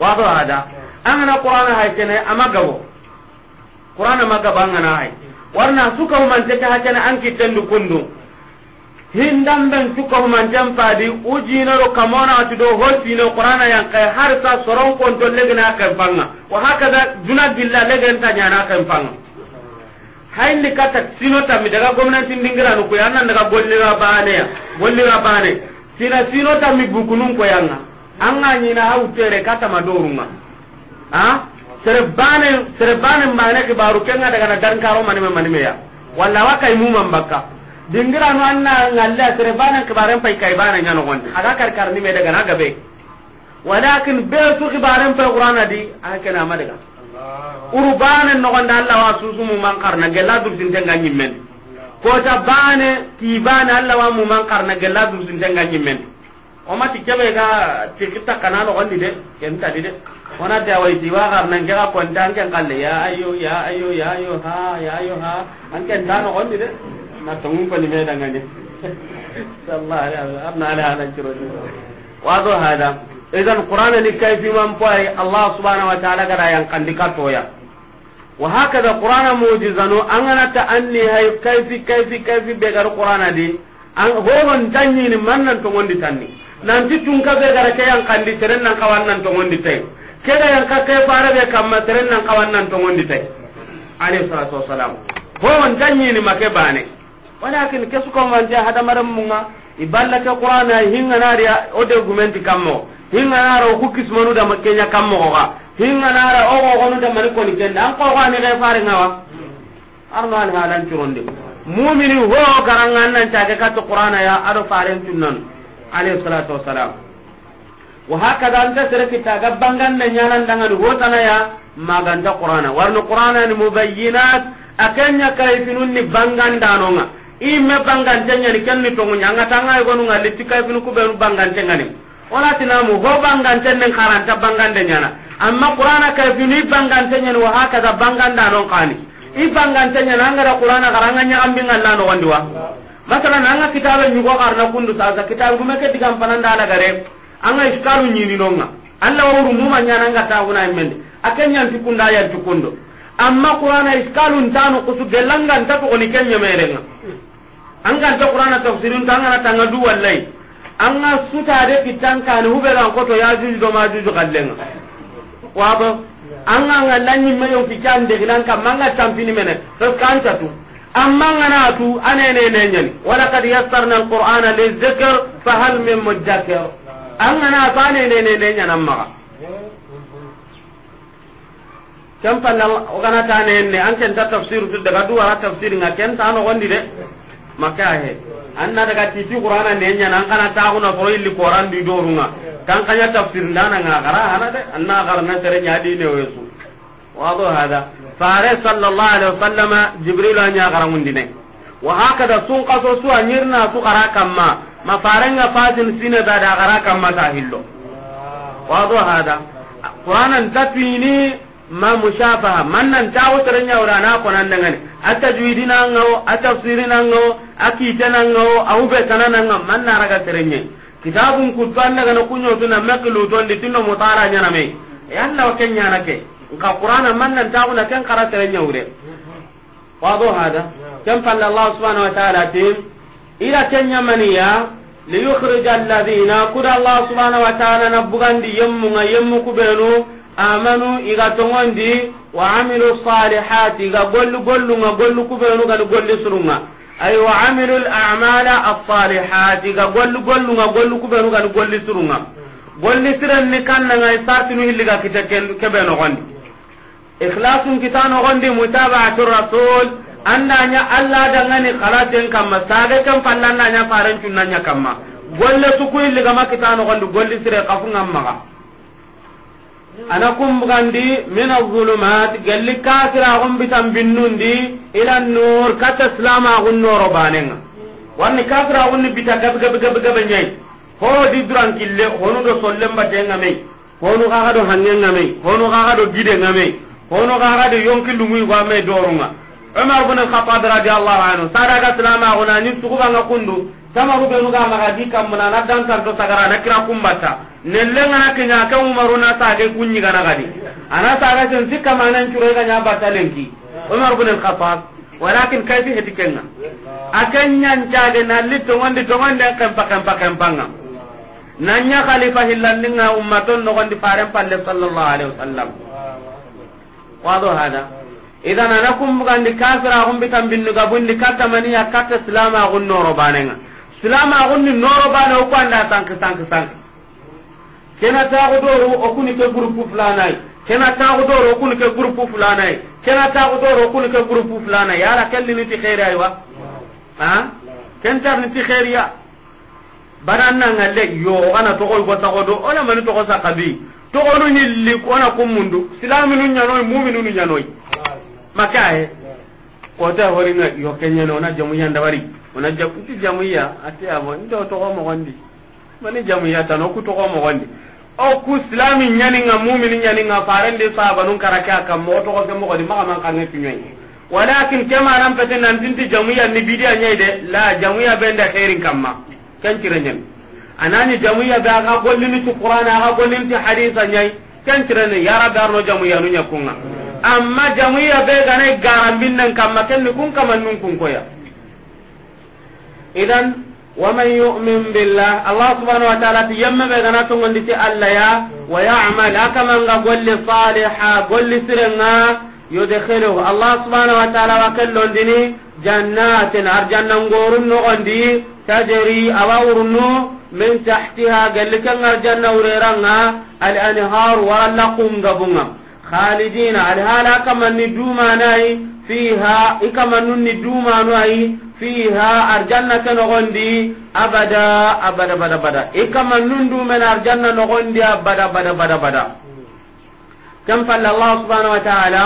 wa do hada angana qur'ana haykene amagabo qur'ana magaba angana hay warna suka man ta hakana an kitten du kundu hindan ben cuko man uji ujina ro kamona atu do hotino qur'ana yang kay har sa soron kon to legna kan panga wa da duna billa legen ta nyana kan panga hayni kata sino ta mi daga gomnati dingira no ko yanna daga golli ra bane ya golli ra bane sina sino ta mi bukunun ko yanga anga ni na tere kata madorunga ha sere bane sere bane mane ke baru kenga daga na dan karo mani mani ya walla wakai mu mambaka no anna ngalle asere bana kibaren pai kai bana nyano gon aga kar kar ni meda gana gabe walakin be su kibaren pai qur'ana di aka na madaga urbana no gon dalla wa susu mu man karna gella dur din tanga nyimmen ko ta bane ti bana alla wa mu man karna gella dur din tanga nyimmen o ma ti kebe ga kita kana no di de di de wana ta wai ti wa karna ngega kontan kan kalle ya ayo ya ayo ya ayo ha ya ayo ha an ken ta no di de na tangun ko ni me danga ni sallallahu alaihi wasallam abna ala ala ciro ni wa do hada idan qur'ana ni kayfi man pai allah subhanahu wa ta'ala gara yang kandika toya wa hakada qur'ana mu'jizanu angana ta anni hay kayfi kaifi kaifi be gar qur'ana di an horon tanni ni mannan to ngondi tanni nan ti tun ka be gara ke yang kandi teren nan kawan nan to ngondi tay ke ga yang ka ke fara be kamma teren nan kawan nan to ngondi tay alayhi salatu wassalam horon tanni ni make bane walakin kesu ko man ta hada maram munga iballa ke qur'ana hinga na o de gumenti kammo hinga na ro kukis manu da makenya kammo ga hinga na ra o go no da mari ko ni kenda an ko ga ne ga fare ngawa arno an halan turonde mu'mini ho garangan nan ta ga to qur'ana ya aro fare tunnan alayhi salatu wassalam wa hakada anta sirki ta ga bangan nan yanan dangan hotana ya maganta qur'ana warno qur'ana ni mubayyinat akanya kayfinun ni bangan danonga imme bangantengani kenni tonguñi anga tanga yigonu nga litti kayfini kubenu bangantengani onatinamu ho bangantennen karanta bangande ñana amma qur'ana kayfini i banganteñani wa hakaza bangandanon kani i banganteñani angada qur'ana kara anga ñagambingalla nogondi wa masalan anga kitabe ñugo arna kundu sasa kitabe gume ke digampanandalagare anga iskaru ñininonga alla wawru muma ñananga tagunayi mende ake ñanti kunda yanti kundo amma qur'ana iskalun tanu kusu gellangan tatu oni kenyemerenga an ga ta qur'ana tafsirin tan ana tan du wallahi an ga suta de kitan kan hu be ran ko to ya juju do ma juju kallenga wa ba an ga ngalanyi mayo kitan de gilan kam manga tampini mene to kan ta tu amma ngana tu anene ne nyani wala kad yassarna alqur'ana lizikr fa hal min mudakkir an ngana tu anene ne ne nyana ma kam palla kana ta ne ne an ken ta tafsir tu daga duwa tafsir nga ken ta no gondi de maka ahe anna daga titi qur'ana ne nya nan kana ta kuna foro illi qur'an di dorunga kan kanya tafsir ndana nga gara hana de an anna gara na tere nya di ne wesu wado hada fare sallallahu alaihi wasallam jibril anya gara mundine wa hakada sun qaso su anyirna su gara kamma ma farenga fazin sine da da gara kamma ta hillo wado hada qur'anan tatwini ma mushafaha man nan tawo tarenya ora na ko nan dangan atta juidina ngawo atta tafsirina ngawo akitana ngawo au be tanana nan man na raga tarenya kitabun kutban daga na kunyo tuna maklu ton di tinno mutara na me na o kenya na ke ka qur'ana man nan tawo na ken qara tarenya ure do hada kam fa allah subhanahu wa ta'ala tim ila kenya maniya liyukhrij alladhina kuda allah subhanahu wa ta'ala nabugandi yemmu ngayyemu kubenu amanu iga tongondi wa amilu salihati iga golli gollunga gollu kubenu golli surunga ay wa amilu al-a'mala iga gollu gollunga gollu kubenu gadu golli surunga golli siranni kannanga sartinu hilliga kita kebeno gondi ikhlasun kitano gondi mutaba'atu rasul annanya alla dangani khalaten kamma saga kam pallanna nya faran cunna nya kamma golle tukuy liga makitano gondi golli sire kafunga maga ana kumbugandi min azulumat gelli kafira bitan binnundi ila noor kata nooro gun noro wanni warni bita gab gab gab gab nyai di duran kille honu do sollem batenga mei honu kaga do hangenga mei honu kaga do gidenga mei honu kaga do yonki lungui gwa mei dorunga Umar bin Khattab radhiyallahu anhu sadaga islama gunani nga kundu tamaru benu ga maga di kam na na dan tan to sagara na kira kumbata nelle ngana kenya kan umaru na sage kunyi kana gadi ana saga sen sikka manan kure ga nya bata lenki umar bin al-khattab walakin akan nyan ta ga na litto wande to wande kan pakan pakan panga nanya khalifa ninga ummaton no gondi pare palle sallallahu alaihi wasallam wado hada idan anakum bugandi kafira hum bitam binnu gabundi dikata mani yakata islama gunno robanenga silama gunni noro bana o kwanda sanki sanki sanki kena taxu doro o kuni ke groupe fulanai kena taxu doro o kuni ke groupe fulanai kena taxu doro o kuni ke groupe fulanai yala kelliniti xeeri aywa a kentarniti xeeriya banannanga le yo ogana toxoy go saxodo o lemani toxo ni li ko na kum mundu nu silaminu ñanoy muminunu ñanoy make aye kote horinga yo keñene ona jamu ñandabari ona jakuti jamuya ate amo ndo togo mogondi mani jamuya tano ku togo mogondi o ku islami nyani nga mu'mini nyani nga farande sahaba nun karake akam mo togo ke mogodi maka man kange pinyoi walakin kema nan pete nan tinti jamuya ni bidiya nyai de la jamuya benda khairin kamma kan kirenyen anani jamuya da ga gollini tu qur'ana ga gollini ti hadisa nyai kan kirene yara darno jamuya nu nyakunga amma jamuya be ga ne garambin nan kamma ken ni kun kaman nun kun koya idan ومن يؤمن بالله الله سبحانه وتعالى يما بغنا تونغندي ألا يا ويعمل كما قال صالحا قل سرنا يدخله الله سبحانه وتعالى وكل لندني جنات ارجن نقول نغندي تجري اواورن من تحتها قال لك ارجن وريرنا الانهار ولا قوم قبنا khalidina alhala kamanni dumanayi fiha ikamanundi dumanoayi fiha arjanna ke nogondi abada abada bada bada ikamannun dumena arjanna nogondi abada bada bada bada kem falle allah subhanahu wa taala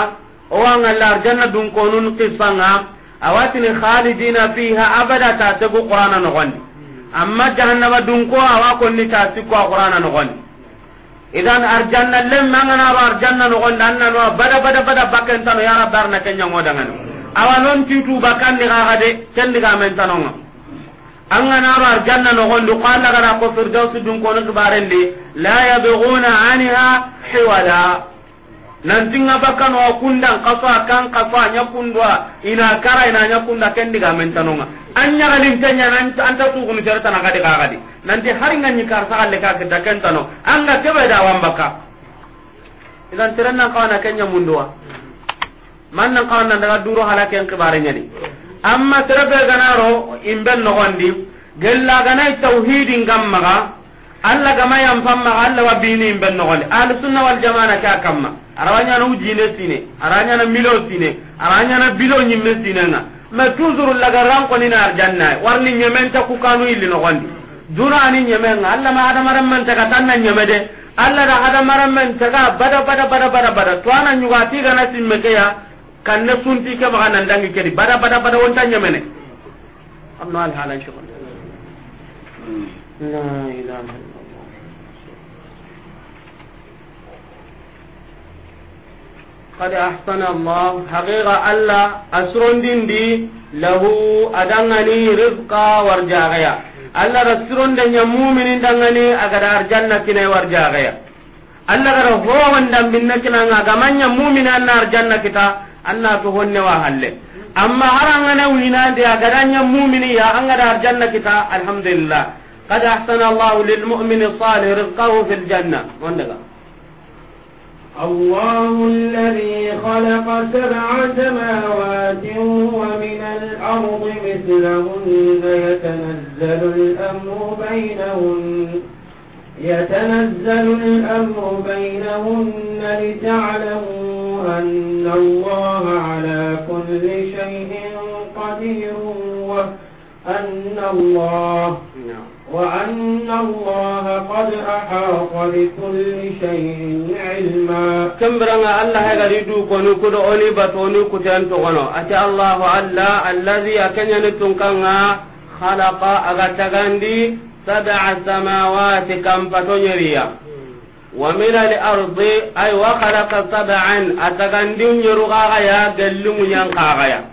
owangalla arjanna dunkonun qissanga awatini khalidina fiha abada tategu qur'ana nogondi amma jahannama dunko awa konni tasiko a qur'ana nogondi idan arjanna lemmangana ro arjanna nogonda annanoa bada bada bada bakkentano ya rabbi arna kenñangodangani awa non tituba kandi kaxa de kendigamentanonga anganaro arjanna nogondi ko allagana ko firdausi dunkonu kibarendi la yabiguna aniha hiwala nantinga bakkanoa kundan kaso a kan kaso a ñakundua ina kara ina ñakunda kendigamentanonga an ñagalin kenñana anta sugunu ka kaxadi nanti hari nga nyi kar sagalle ka kita kentano anga kebe da wambaka idan tiran nan kawana kenya munduwa man nan kawana daga duro halake en kibare nyani amma terebe ganaro imben no gondi gella ganai tauhidin gammaga alla gama yam pamma alla wabini imben no gondi al sunna wal jamaana ka kamma arawanya no ujine sine aranya na milo sine aranya na bilo nyimme sine nga ma tuzuru lagaran ko ni na arjanna warni nyemen ta ku kanu illi no gondi durani ñemenga alla ma hadamarenmen tega tanna ñeme de allah da hadamarenmen tega bada bada bada bada bada to ana ñuga tigana simme keya kan ne sunti ke maga nandangi kedi bada bada bada wonta ñemene amno alhalan shukon la ilaha قد أحسن الله حقيقة الله أسرون دين دي له أدنني رزقا ورجاغيا alla ra sironda nya muminin dangani agada arjanna kina e warjaxeya allah gara howondambinna kinanga agamanya mumini anna arjanna kita anna to honnewa halle amma harangana winande agadanya mumini ya angada arjanna kita alhamdulillah قد أحسن الله للمؤمن الصالح رزقه في الجنة وندقى الله الذي خلق سبع سماوات ومن الأرض مثلهن يتنزل الأمر بينهن يتنزل الأمر بينهن لتعلموا أن الله على كل شيء قدير وأن الله نعم وأن الله قد أحاط بكل شيء علما كم برنا الله يريدو كونو كدو أولي باتونو كتان تغنو أتى الله ألا الذي أكن ينتنقنا خلق أغتغندي سبع سماوات كم فتنيريا ومن الأرض أي وخلق سبعا أتغندي يرغاغيا قلم ينقاغيا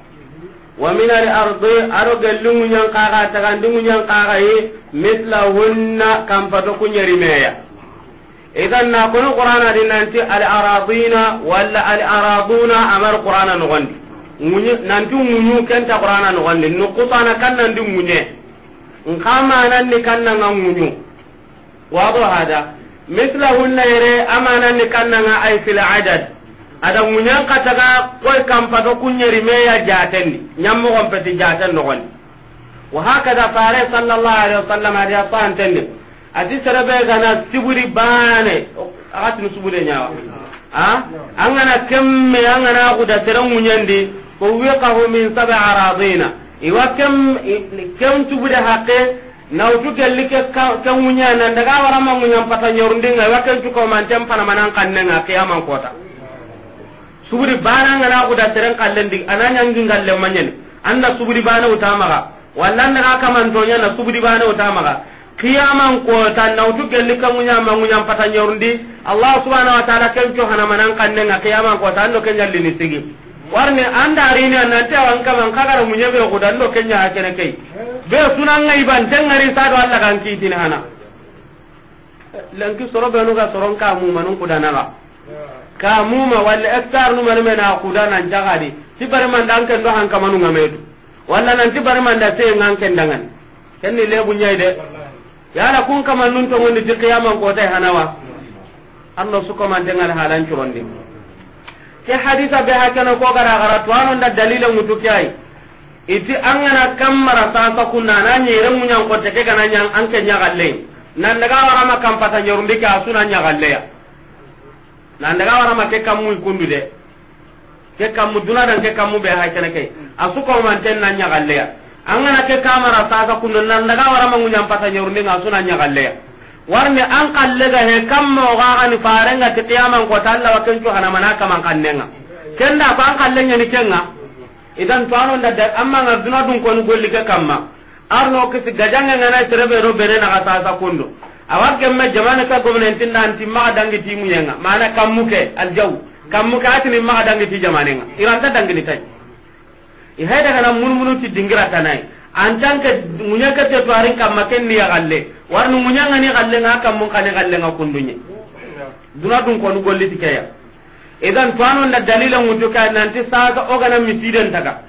wa min al ardi aro gallungu nyang kaga tagandungu nyang kaga yi mislahunna kam pato kunyari meya idan na kono qur'ana dinanti al aradina nanti munyu kenta qur'ana no gondi no qutana kan nanti munye nkama nan ni kan nan munyu wado hada mislahunna yare amana ni kan nan ay fil adad ada munyan kataga koy kampato kunyeri ni jatenni nyammogon peti jaten nogoni wa hakada faris sallallahu alaihi wasallam ten ni ati serebe gana tiburi bane agatini subule nyawa a angana kemme angana tere sere munyandi ko ho min sab'a radina iwa kem kem tubude haqqe nawtu gelli kan ke nan daga warama munyan pata wa iwa kem ko man tempana manan nan akiyaman kota suburi bana ngana kuda teren kallendi ananya ngi ngalle manyen anna suburi bana ga wallan na ka man tonya na suburi bana ga qiyaman ko tan na utu gelli kamunya mangunya patanya urundi allah subhanahu wa taala ken ko hana manan kanne nga qiyaman ko tan do kenya ni sigi warne anda rini anante awan kaman kagara munye be ko dan do nya hakene kai be sunan ngai ban sa do allah kan kitin hana lanki soro be no ga soron ka mu manun ga ka ma walla hectare nu manu mena kuda nan jagadi ti bari man dan kan do han kamanu ngamedu walla nan ti bari man da te ngan ken dangan ken ni lebu nyai de yala kun kaman nun to ngondi ti qiyamah ko tay hanawa anno suko man dengal halan curondi ke hadisa be hakana ko gara gara to anon da dalila mutu kai iti angana kammara ta kunna na nyere munyan ko te ke kana nyang anke nyagalle nan daga wara makam pata nyorundi ka asuna nyagalle ya nan daga wara ma ke mu ikundu de ke mu duna dan ke mu be ha kana kai asu ko man ten nan nyagalle ya angana ke kamara sasa kundu nan daga wara ma ngunya pata ni ngasu nan nyagalle ya warne an kalle ga he kam o ga ni farenga te tiyama ko talla wa kencu hana mana kaman kannenga kenda ko an kalle nyani kenga idan to anon da amma duna dun ko ni golli ke kamma arno ti gajanga ngana terebe ro bere na ka kundu awar gemme jamana ka gomnenti nanti ma dangi timu yenga mana kammuke aljaw kammuke atini ma dangi ti ta dangi ni tay hayda kana munu ti dingira tanai munya munyaka te tuarin kamma ni niya galle warnu munya ni galle nga kammun kane galle nga kundunye duna dun ko nu golli kaya idan tuano na dalila mutu ka nanti saga mi tiden taga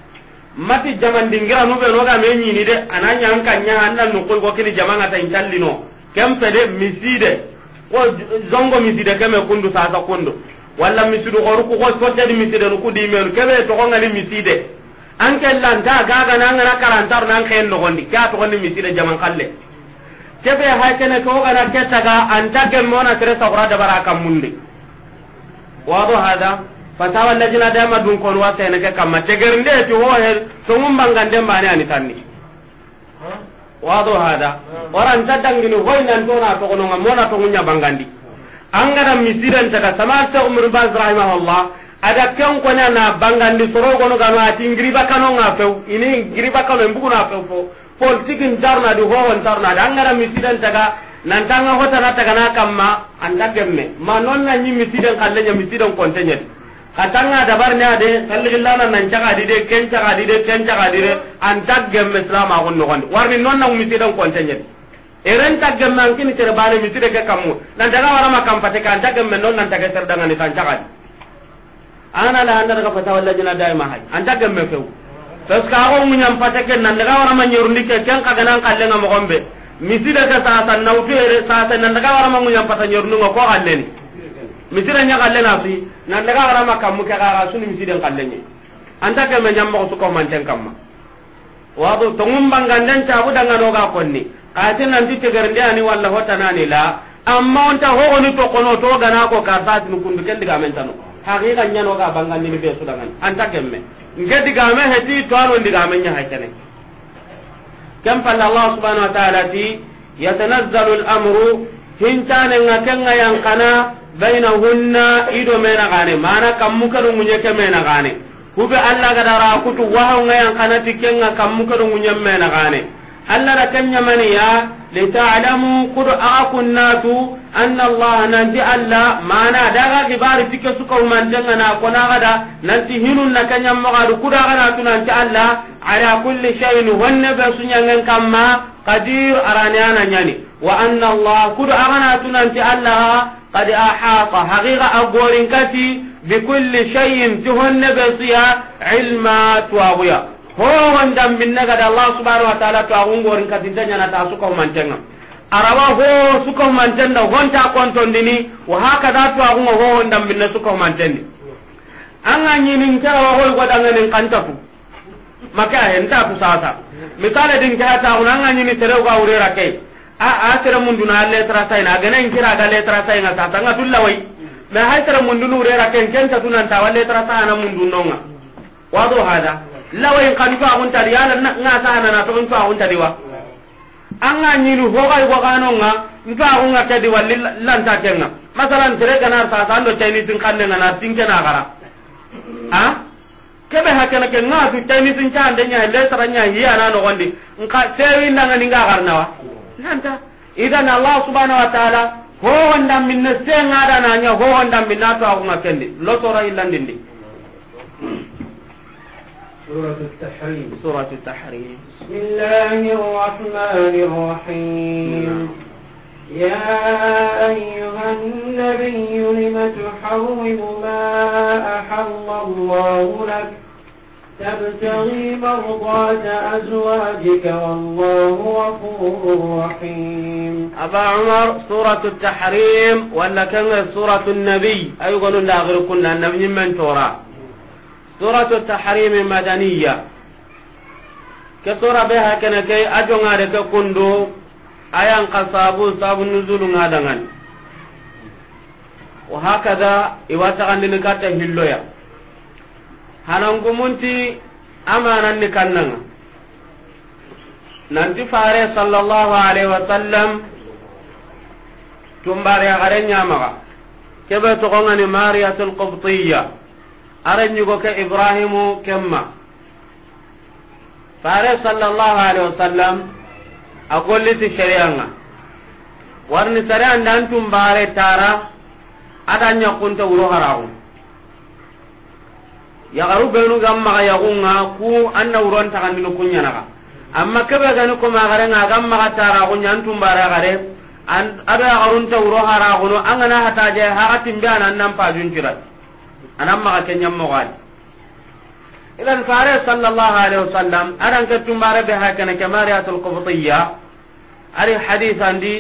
mati jaman dingira nu be no ga me ni de ananya an nya anna nu ko kini jamana ta intallino kempede miside ko zongo miside keme kundu sasa kundu walla misidu koruku ko sottedi miside nu kudimenu kebe ngali miside anke lanta gaga na ngana karantar nan kayen ka kya togondi miside jaman kalle kebe ha kene ko kana an anta ke mona tere sakura da baraka munde wado hada fatawa lajina da ma dun kon wasa ne ke kamma tegerinde to ho he so mun bangande mbane ani tanni wado hada waran ta hoy tadangini hoynan tona togononga mona togunya bangandi angara misiren sama samarta umru baz rahimahullah ada ken konya na bangandi sorogono gano ati ngiriba kano nga few ini ngiriba kano na few fo politique ntarna di hoho ntarna di angara misiren taka nantanga hotana taga na kamma anda gemme ma non na nyi misiren kallenya misiren kontenyadi katanga dabar ne ade kalligillana nan caga di de ken caga di de ken caga di de an taggem islam agun no gondi warni non na umiti dan kontenye eren taggem man kini tere bale miti de ke kamu nan daga wara ma kam pate kan taggem men non nan tagge ter dangan ni kan caga ana la handa daga fata walla jina dai ma hay an taggem me feu tas ka ho munyam pate ken nan daga wara ma nyoru nyorundi ke ken ka nan kalle mo gombe miti de ke sa sa nautu ere sa sa nan daga wara ma munyam pata nyorundu ko kalleni misira nya galle na fi na daga garama kam ke gara suni misira galle ni anta ke men nyamma su ko man tan kam wa do tongum bangandan ta bu daga no ga konni kati nan ti tegar de ani walla hota ni la amma onta ho oni to kono to ga na ko ka sa tin kundu ken diga men tanu haqiqa nya no ga bangan ni be su daga anta ke men nge diga men heti to aro diga men nya ha kene kam palla allah subhanahu wa ta'ala ti yatanazzalu al-amru hintane ngakenga yang kana bainahunna ido mena gane mana kammu kadu munye ke mena gane kube alla gada ra kutu waha yang kana tikenga kammu kadu munye mena gane alla da kenya mani ya li ta'lamu qud akunnatu anna allah nanti alla mana daga gibari tike suka umandenga na kona gada nanti hinun na kanya magadu kuda tu nanti alla ala kulli shay'in wanna basunyangan kamma qadir aranyana nyani wa anna allah qud tu nanti alla قد أحاط حقيقة أقول كتي بكل شيء تهن بسيا علما تواغيا هو دم من نجد الله سبحانه وتعالى تواغون قول كتي تنجنا تاسوكه من تنجم arawa ho suka mantenda honta kontondini wa haka da to agun ho honda minna suka mantendi anga nyinin kara wa hol godanga nin kantafu maka henta ku sasa misale din kata unanga nyini tere ga urera kai a a tera mundu na alle tara sai na ganan kira ga le tara sai na ta nga dulla wai na ha tera mundu nu re ra ken ken ta tunan ta walle tara sai na mundu wa wado hada lawai kan fa agun tari ala na sa na na to fa agun tari wa ni lu ho ga go no nga nka nga ta di walli lan ta kenna masalan tere kana sa sa ndo ni tin kan na tin kana gara ha kebe hakana ken nga tu ni tin ta ndenya le tara nya hi na no gondi nka sewi nga ninga garna wa nanta idan allah subhanahu wa ta'ala ho wanda minne se ngada na nya ho wanda minna to agu ngakendi lo sura illa ndindi سورة التحريم سورة التحريم بسم الله الرحمن الرحيم يا أيها تبتغي مرضات أزواجك والله غفور رحيم أبا عمر سورة التحريم ولا كان سورة النبي أي أيوة قالوا لا غير قلنا النبي من تورا سورة التحريم مدنية كسورة بها كان كي أجو غارك كندو أيان قصابو صاب النزول غادغان وهكذا إواتغن لنكاته اللويا hanangumunti amananni kannanga nanti fare sallallahu alaihi wasallam tumbare agare ñamaga kebe togongani mariyatul qubtiya are ñugo ke ibrahimu kemma fare sallallahu alaihi wasallam a golliti shari'anga warni sari'an dan tumbare tara ada ñakkunta wuro haragu yagaru benu gamma yagunga ku anna uron ta kan kunya naga amma kebe gani ko magare na gamma ka tara kunya antum bara gare an ada yagarun ta uro hara gono angana hata je haratin be anan nan pa junjira anan ma ka nyam mo gani ilan fare sallallahu alaihi wasallam aran ka tumbare be hakana kamariyatul qubtiyya ari hadith andi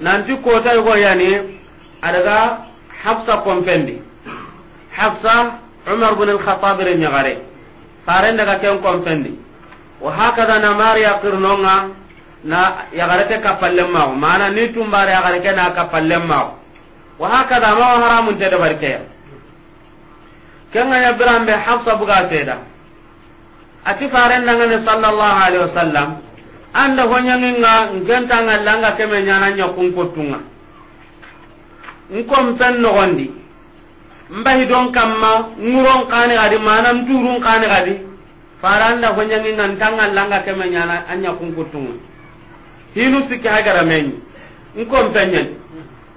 nanti kota yugo yani adaga hafsa kompendi hafsa umar bin al-khattab re nyagare faren daga ken kompendi wa hakada na mariya qirnonga na yagare te kapalle ma mana ni tumbare yagare ke na kapalle ma wa hakada ma haramun te buga ati faren daga ne sallallahu alaihi wasallam anda honyanginga ngenta ngalla nga kemenya nanya kunkotunga nkom tan nogondi mbahi don kamma nguron kane gadi manam turun kane gadi gonya ni nan tangal langa kemanyana anya kunkutungu hinu sikki hagara men nkom penyen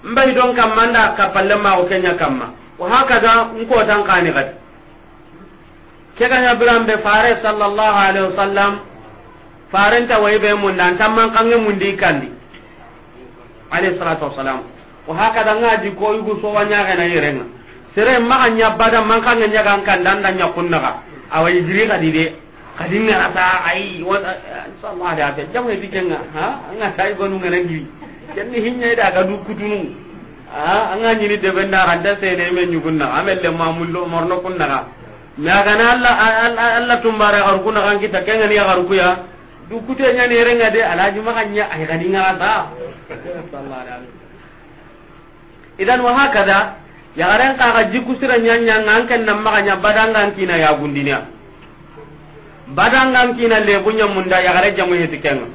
mbahi don kamma nda kapalle ma o kenya kamma wa hakaza nko tan kane gadi kega nya be fare sallallahu alaihi wasallam farenta be mun dan tamman kange mun di kandi alaihi salatu wasalam wa hakaza ngaji ko yugo so wanya kana yirenga sere maga bada manka nga ñagan kan danda ñakkunnaga awa dide kadin na ta ai wa insallah da abe jamu ebi kenga ha anga tay gonu ngana giri ni hinya da ga du kutunu ha anga nyini de benda randa se naga, men le mamul lo morno kunnaga me aga na alla alla tumbara garu kunna kan kita kenga ni garu ya du nya ni renga de alaji maganya ay kadi ngarata (laughs) insallah da idan wa hakada yagaren kaga jikusira nyanyanga anken nammaganya badangan kina ya yagundinia badangan kina lebunya munda yagare jamu hetikenga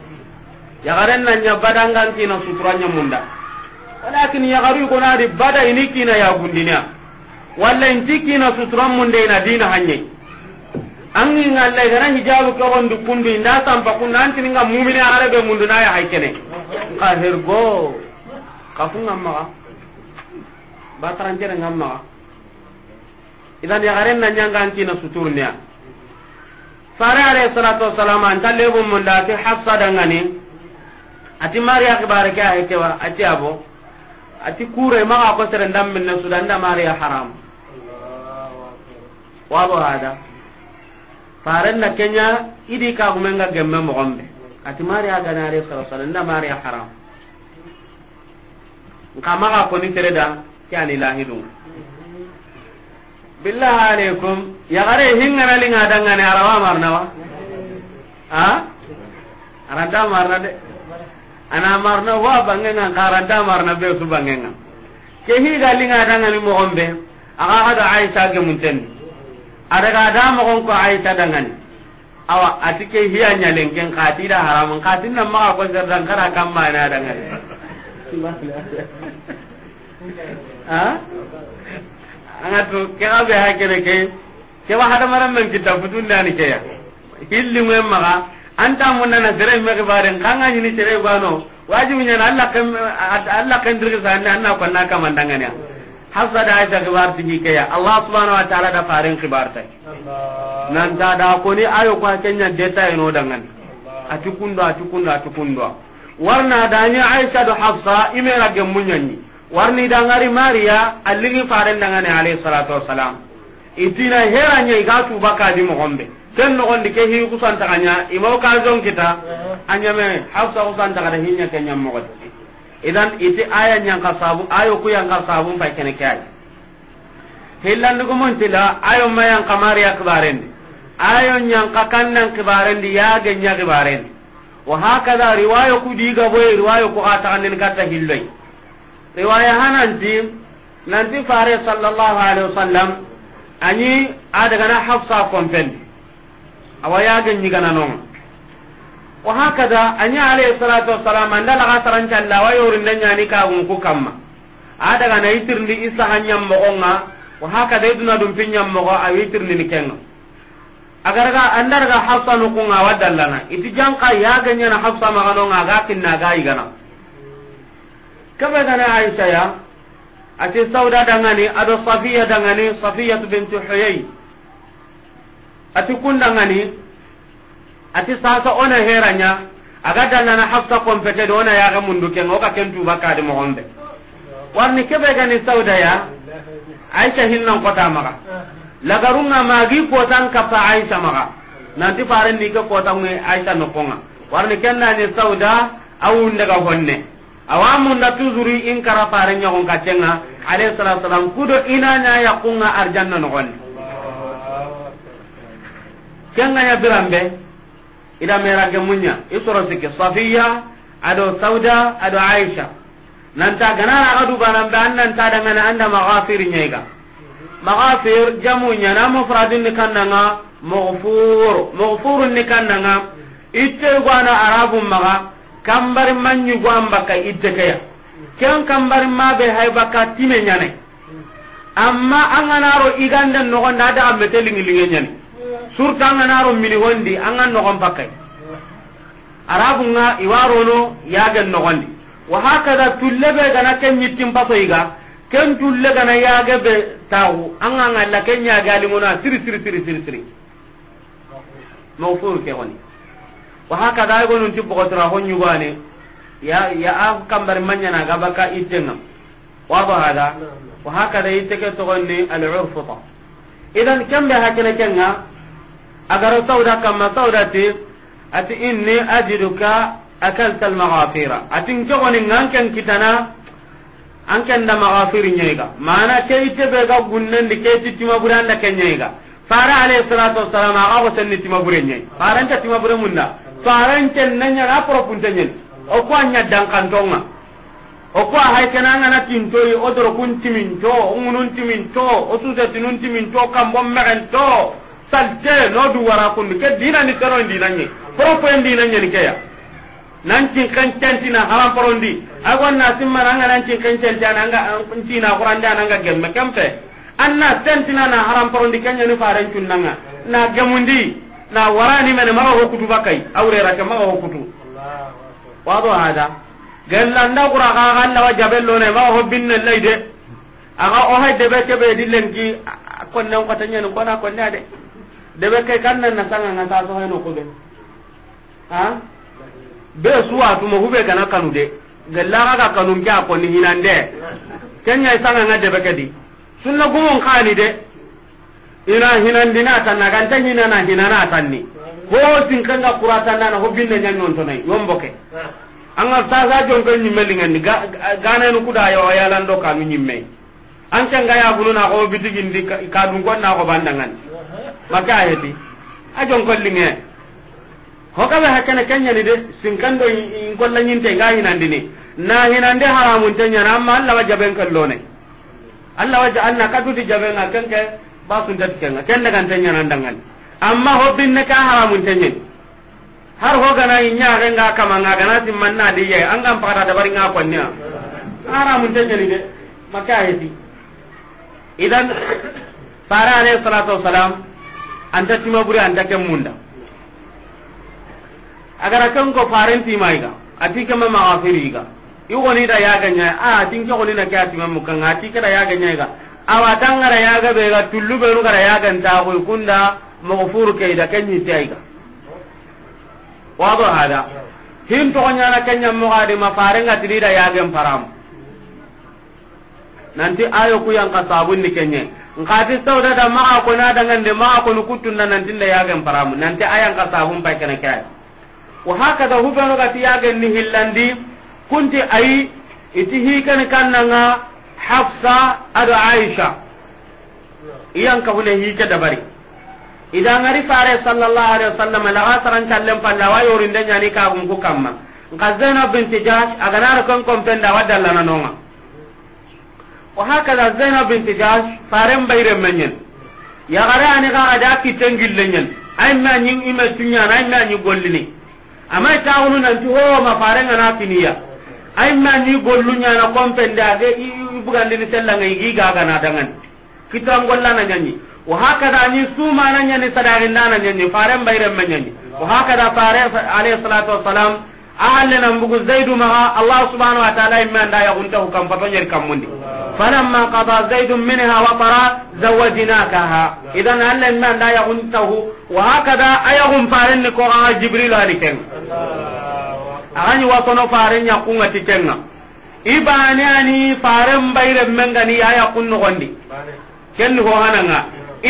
yagaren nan nanya badangan kina suturanya munda walakin yagaru konadi bada ini kina ya yagundinia walla inti kina suturan munda ina dina hanye angi ngalla gara hijabu ka wandu kundu inda tampa kunna antini nga mumini arabe mundu naya haikene ka hergo kafunga maga ngam ngamma idan yagaren na nyanga antina suturniya sare alayhi salatu wassalam anta lebu munda ti hafsa dangani ati maria kibare ke ay kewa ati abo ati kure ma ko sere ndam min na sudan da maria haram wa bo hada faren na kenya idi ka gumenga gemme mo gombe ati ga na alayhi salatu wassalam da maria haram nkama ka ko ni tere da kyani lahidun billah alaikum yagare hingana linga dangane arawa marnawa a aranta marna de ana marna wa bangenga karanta marna be su bangenga ke hi galinga dangane mo gombe aga hada aisha ge munten adaga da mo gon ko aisha dangane awa atike hi nyalen ken katira haramun katin nan ma ko zardan kara kan ma na dangane (laughs) ha anga to ke ga be hakene ke ke wa hada maran men kitta futun ni ke ya hilli mu maga anta munna na sere me ke bare kanga ni ba n'o wajibi ne Allah kan Allah kan dirga sanne anna ko na kamandanga da hasada aisha kibar tigi ke ya Allah subhanahu wa ta'ala da farin kibar ta nan ta da ko ni ayo ko kenya deta ino dangan atukundo atukundo atukundo warna ni aisha da hafsa imera gemunyanyi warni dangari mariya allingi faren dangane alayhi salatu wassalam itina heranya iga tuba kadi mogombe ken nogondi ke kusan hi kusantaxaña ima occasion kita a ñame hawsa kusantaxada hiña ke ñammogodi idan iti aya ka sabu ayo ku yanka sabun fay kene ke ay hillandigumontila ayo ma ka maria kibarendi ayo ka kannan kibarendi ya ña kibarendi wa hakada riwayo ku diga boye riwayo ku xa taxandini katta hilloy riwaya hananti nanti fare sallallahu alaihi wasallam ani adagana hafsa kompendi awayage nyigana non wa hakada ani alaihi salatu wassalam anda laga sarancalla wayorinde nyani kagun ku kamma na isa hanyam mogonga wa iduna dum pinyam mogo ni kenga agarga andaraga hafsa wadallana hafsa maganonga ga kinna ga igana kebe gana aisha ya ati sauda dangani ado safiya dangani safiya bintu huyay ati kun kundangani ati sasa ona heranya aga dallana hafsa kompete do ona yaga mundu ken o ka ken tuba kadi mo honde warni kebe gani sauda ya aisha hinnan kota maga lagarunga magi kotan kapa aisha maga nanti faren ni ke kota ngi aisha nokonga warni kenna ni sauda awun daga honne awa munda tuzuri in kara fare ñagon kattenga alayhi salatu wasalam kudo inanya yaqunga arjanna nogondi kenganya birambe ida merage munya isoro sikke safiya ado sauda ado aisha nanta ganara aga dubanambe an nanta dangane anda magafir ñeyga magafir jamu ñana mufradinni kannanga maghfur maghfurunni kannanga itte gwana arabu maga kambari man nyugo an bakka ittekeya ken kambari ma be hay time ñane amma an ganaro igande nogonde a daxa mete lingilinge ñani surtout an ganaro mini hondi an gan nogon bakkay arabu nga iwarono yagen nogondi wa hakada tulle be gana ken ñittin pasoyiga ken tulle gana yage be taxu an ga ngalla ken ñage alingona siri siri siri siri siri mawfur ke goni wa haka da go nun tibbo tra hon yugane ya ya af kambar manya na ga baka itenga wa ba hada wa haka da iteke to gonni al urfata idan kambe hakene kenga agar sauda a saudati ati inni ajiduka akalta al maghafira atin ke goni nganken kitana an ken da maghafiri nyega Maana ke ite bai ga gunnen de ke titima buranda kenyega fara alayhi salatu wassalam aga ko senni timaburenye mun timaburemunna faran ken nanya na propun tenyen o ko anya dangkan tonga o ko hay kenanga na tinto yi odoro kun munun timin to o suta tinun bom kambo to salte no du wara kun ke dina ni karo ndi nanye propo ndi nanye ni keya nan kan canti na haram porondi agon na simma nanti nan cin kan canti nanga cin na qur'an da nanga gemme kampe anna sentina na haram porondi kanya ni faran kun nanga na gamundi na warani mene maga hokutu bakai awrera ke maga hokutu wado hada gellanda kura ga galla wa jabello ne maga hobbinne leide aga o hay debe ke be dilenki konne on katanya no kona konne ade debe ke nan na sanga na ta so hay no ko kobe ha be suwa tu mo hube kana kanu de gella ga kanu kya ko ni hinande kenya sanga na debe ke di sunna gumon khani de ina hinandina tanna ganta hinana hinana tanni ho sinkanga kuratannana ho binne ñañontonay yomboke ah. anga sasa jonke ñimmelingandi nu kuda yo do kanu ñimmey an bulu na ko bitigindi kadun na ko bandangan uh-huh. maka bi a jonkollinge hokaɓe hakkene kenñani de sinkando inkolla ñinte nga hinandini na hinande haramunte ñana amma allah wa jaben kellone allah wa anna jaben jabenga kenke ba sun tat kenga ken daga tanya nan dangan amma hobbin ne ka haram haramun tanya har ho gana inya ga nga kama nga gana man na de yayi an ga fara da bari nga kwanya mun tanya ni de maka yi idan fara alayhi salatu wassalam an ta tima buri an anta ken munda agar akan ko parenti maiga ati kama ma afiriga i woni da ya ganya a ah, tin ko ni na kya timam kan ati da ya ganya ga awa tangara yaga be ga tullu be ngara yaga nta ko kunda maghfur ke da kanyi wa wado hada hin to nya na kanya mo ga de mafarenga tidida yaga param nanti ayo ku yang kasabun ni kenye ngati sauda da ma ko na da ngande ma ko nu kutun nan nanti da yaga param nanti ayang kasabun pa kana kai wa haka da hubano ga tiaga ni hillandi kunti ai kan kan kannanga hafsa ado aisha iyan ka hune hike dabari idan ngari fare sallallahu alaihi wasallam la asaran tallan falla wa yorin den yani ka gun ku kamma nka zainab binti jahsh aga na kan kon penda wadda lana nonga wa hakaza zainab binti jahsh faren bayre menyen ya gara ani ga ada kiten gillenyen ay ma nyin ime tunya na ay ma nyi gollini amma ta hunu nan ti ho ma faren na kiniya ay ma nyi gollunya na kon penda ge bugandini sellanga igi gagana dangan ngolla na nyanyi wa hakada ni suma na nyanyi na na nyanyi fare mbayre men nyanyi wa hakada fare alayhi salatu wassalam ahalle nan bugu zaidu maha allah subhanahu wa ta'ala imma anda ya gunta hukam patonyer kamundi falamma qada zaidu minha wa tara zawajnakaha idan alla imma anda ya hu wa hakada ayahum fare ni ko jibril aliken agani watono faren ya kunga tikenga ibane ani faren bayre mengani aya kunno gondi ken ho hananga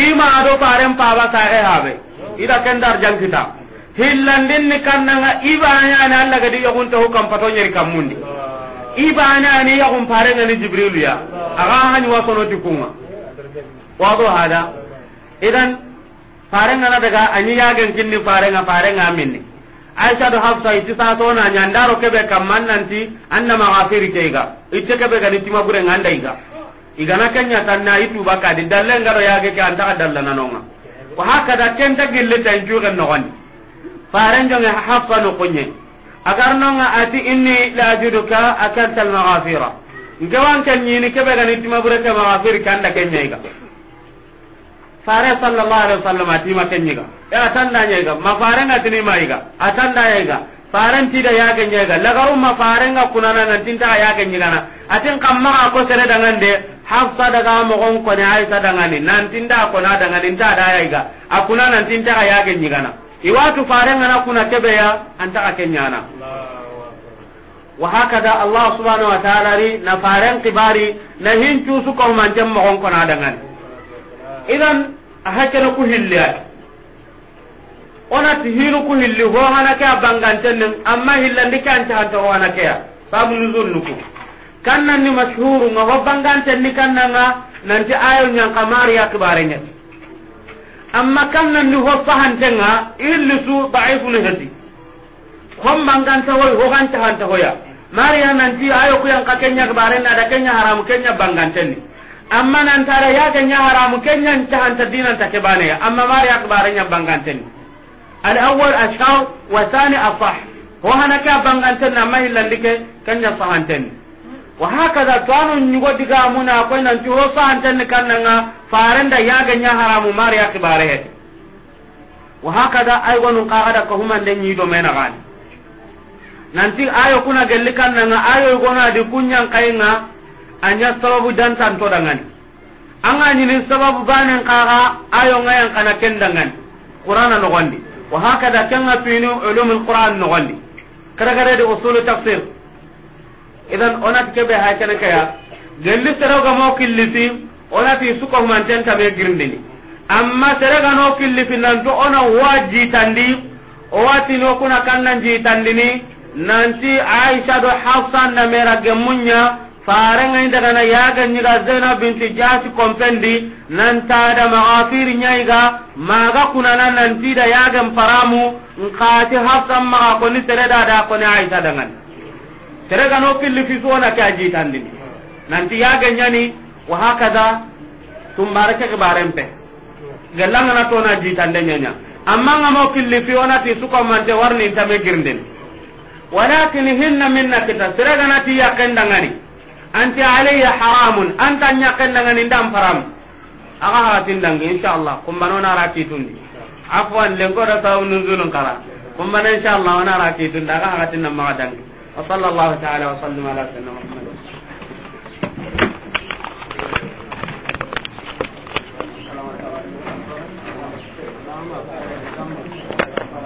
ima do faren paba sahe habe ida ken dar jang kita hillandin ni kannanga ibane ani alla gadi yogun to kam pato nyeri kamundi ibane ani yogun faren ani jibril ya aga hani wasono tikunga wado hada idan faren ana daga anyi yagen kinni faren ga faren ga minni aisha do hafsa iti sato na nyandaro kebe kamman nanti anna maghafiri keiga ite kebe ga nitima bure nganda iga igana kenya tanna itu baka di dalle ngaro yage ke anta dalla nanonga wa haka da hakada kenta gille tan juga nogoni farenjo nge hafsa no kunye agar nonga ati inni la juduka akanta al maghafira ngewan kan nyini kebe ga nitima bure ke maghafiri kanda kenya iga fare sallallahu alaihi wasallam atima kenyiga e atanda nyega ma fare na tini maiga atanda yega faren tida yake nyega lagaru ma fare nga kunana na tinta yake nyigana atin kamma ko sere dangande hafsa daga mo gon ko ne aisha dangani nan tinda ko na dangani ta da yega akuna nan tinta yake na iwatu fare nga na kuna kebe ya anta akenyana wa hakada allah subhanahu wa ta'ala ri na faren kibari na hin su ko man jam gon ko na dangani idan ahakene ku hilliya onati hinu ku hilli ho hanake a bangantennen amma hillandi ke antahanta ho babu sabu nuzul nuku kannanni mashhuru nga ho bangantenni kannanga nanti ayo ñankamari yakibare ñati amma kannanni ho sahantenga hilli su daifunu heti hon banganta hoy ho hantahanta hoya mariya nanti ayo ku kuyanka kenya kibarenna ada kenya haramu kenya bangantenni amma nan tara ya ga nya haramu kenyan ta hanta dinan ta kebane amma mari akbaran nya banganten al awwal ashaw wa thani afah wa hana ka banganten amma hillandike kenya sahanten wa hakaza tanu nyugo diga muna ko nan turo sahanten kannanga faranda ya ga nya haramu mari akbare he wa hakaza ay wonu qaada ko human den yi nyido mena gani nanti ayo kuna gelli kannanga ayo gona di kunyan kainga anya sababu dantan to dangan anga ni sababu banen kaga ayo ngayan kana kendangan qur'ana no gondi wa hakada kanga pinu ulumul qur'an no gondi kada kada de usul tafsir idan onat kebe ha kana kaya gelli taraga mo killiti onati suko man tanta be girndini amma taraga no killiti nan to ona waji tandi o wati no kuna kannan ji tandini nanti aisha do hafsa na mera gemunya farengai dagana yaganñiga zena bintu jasi kompendi nantada magafiri ñayiga maga kunana nantida yagen paramu nkati hafsan maga koni seredada koni aisha dangan seregano killi fisuwona ke a jitandini nanti nyani wa hakaza tumbare ke kibaren pe gellangana tona jitande ñaña amma ngamo killi fiwonati sukomante warnintame girndin walakin hinna minna kita sereganati yakendangani anti alayya haramun anta nyaken daga ni ndam param aga haratin dangi inshallah kumbano na rakitundi afwan lengo da sawu nuzulun kala kumbano inshallah na rakitun daga haratin nan ma dangi wa sallallahu ta'ala wa sallama ala sayyidina muhammad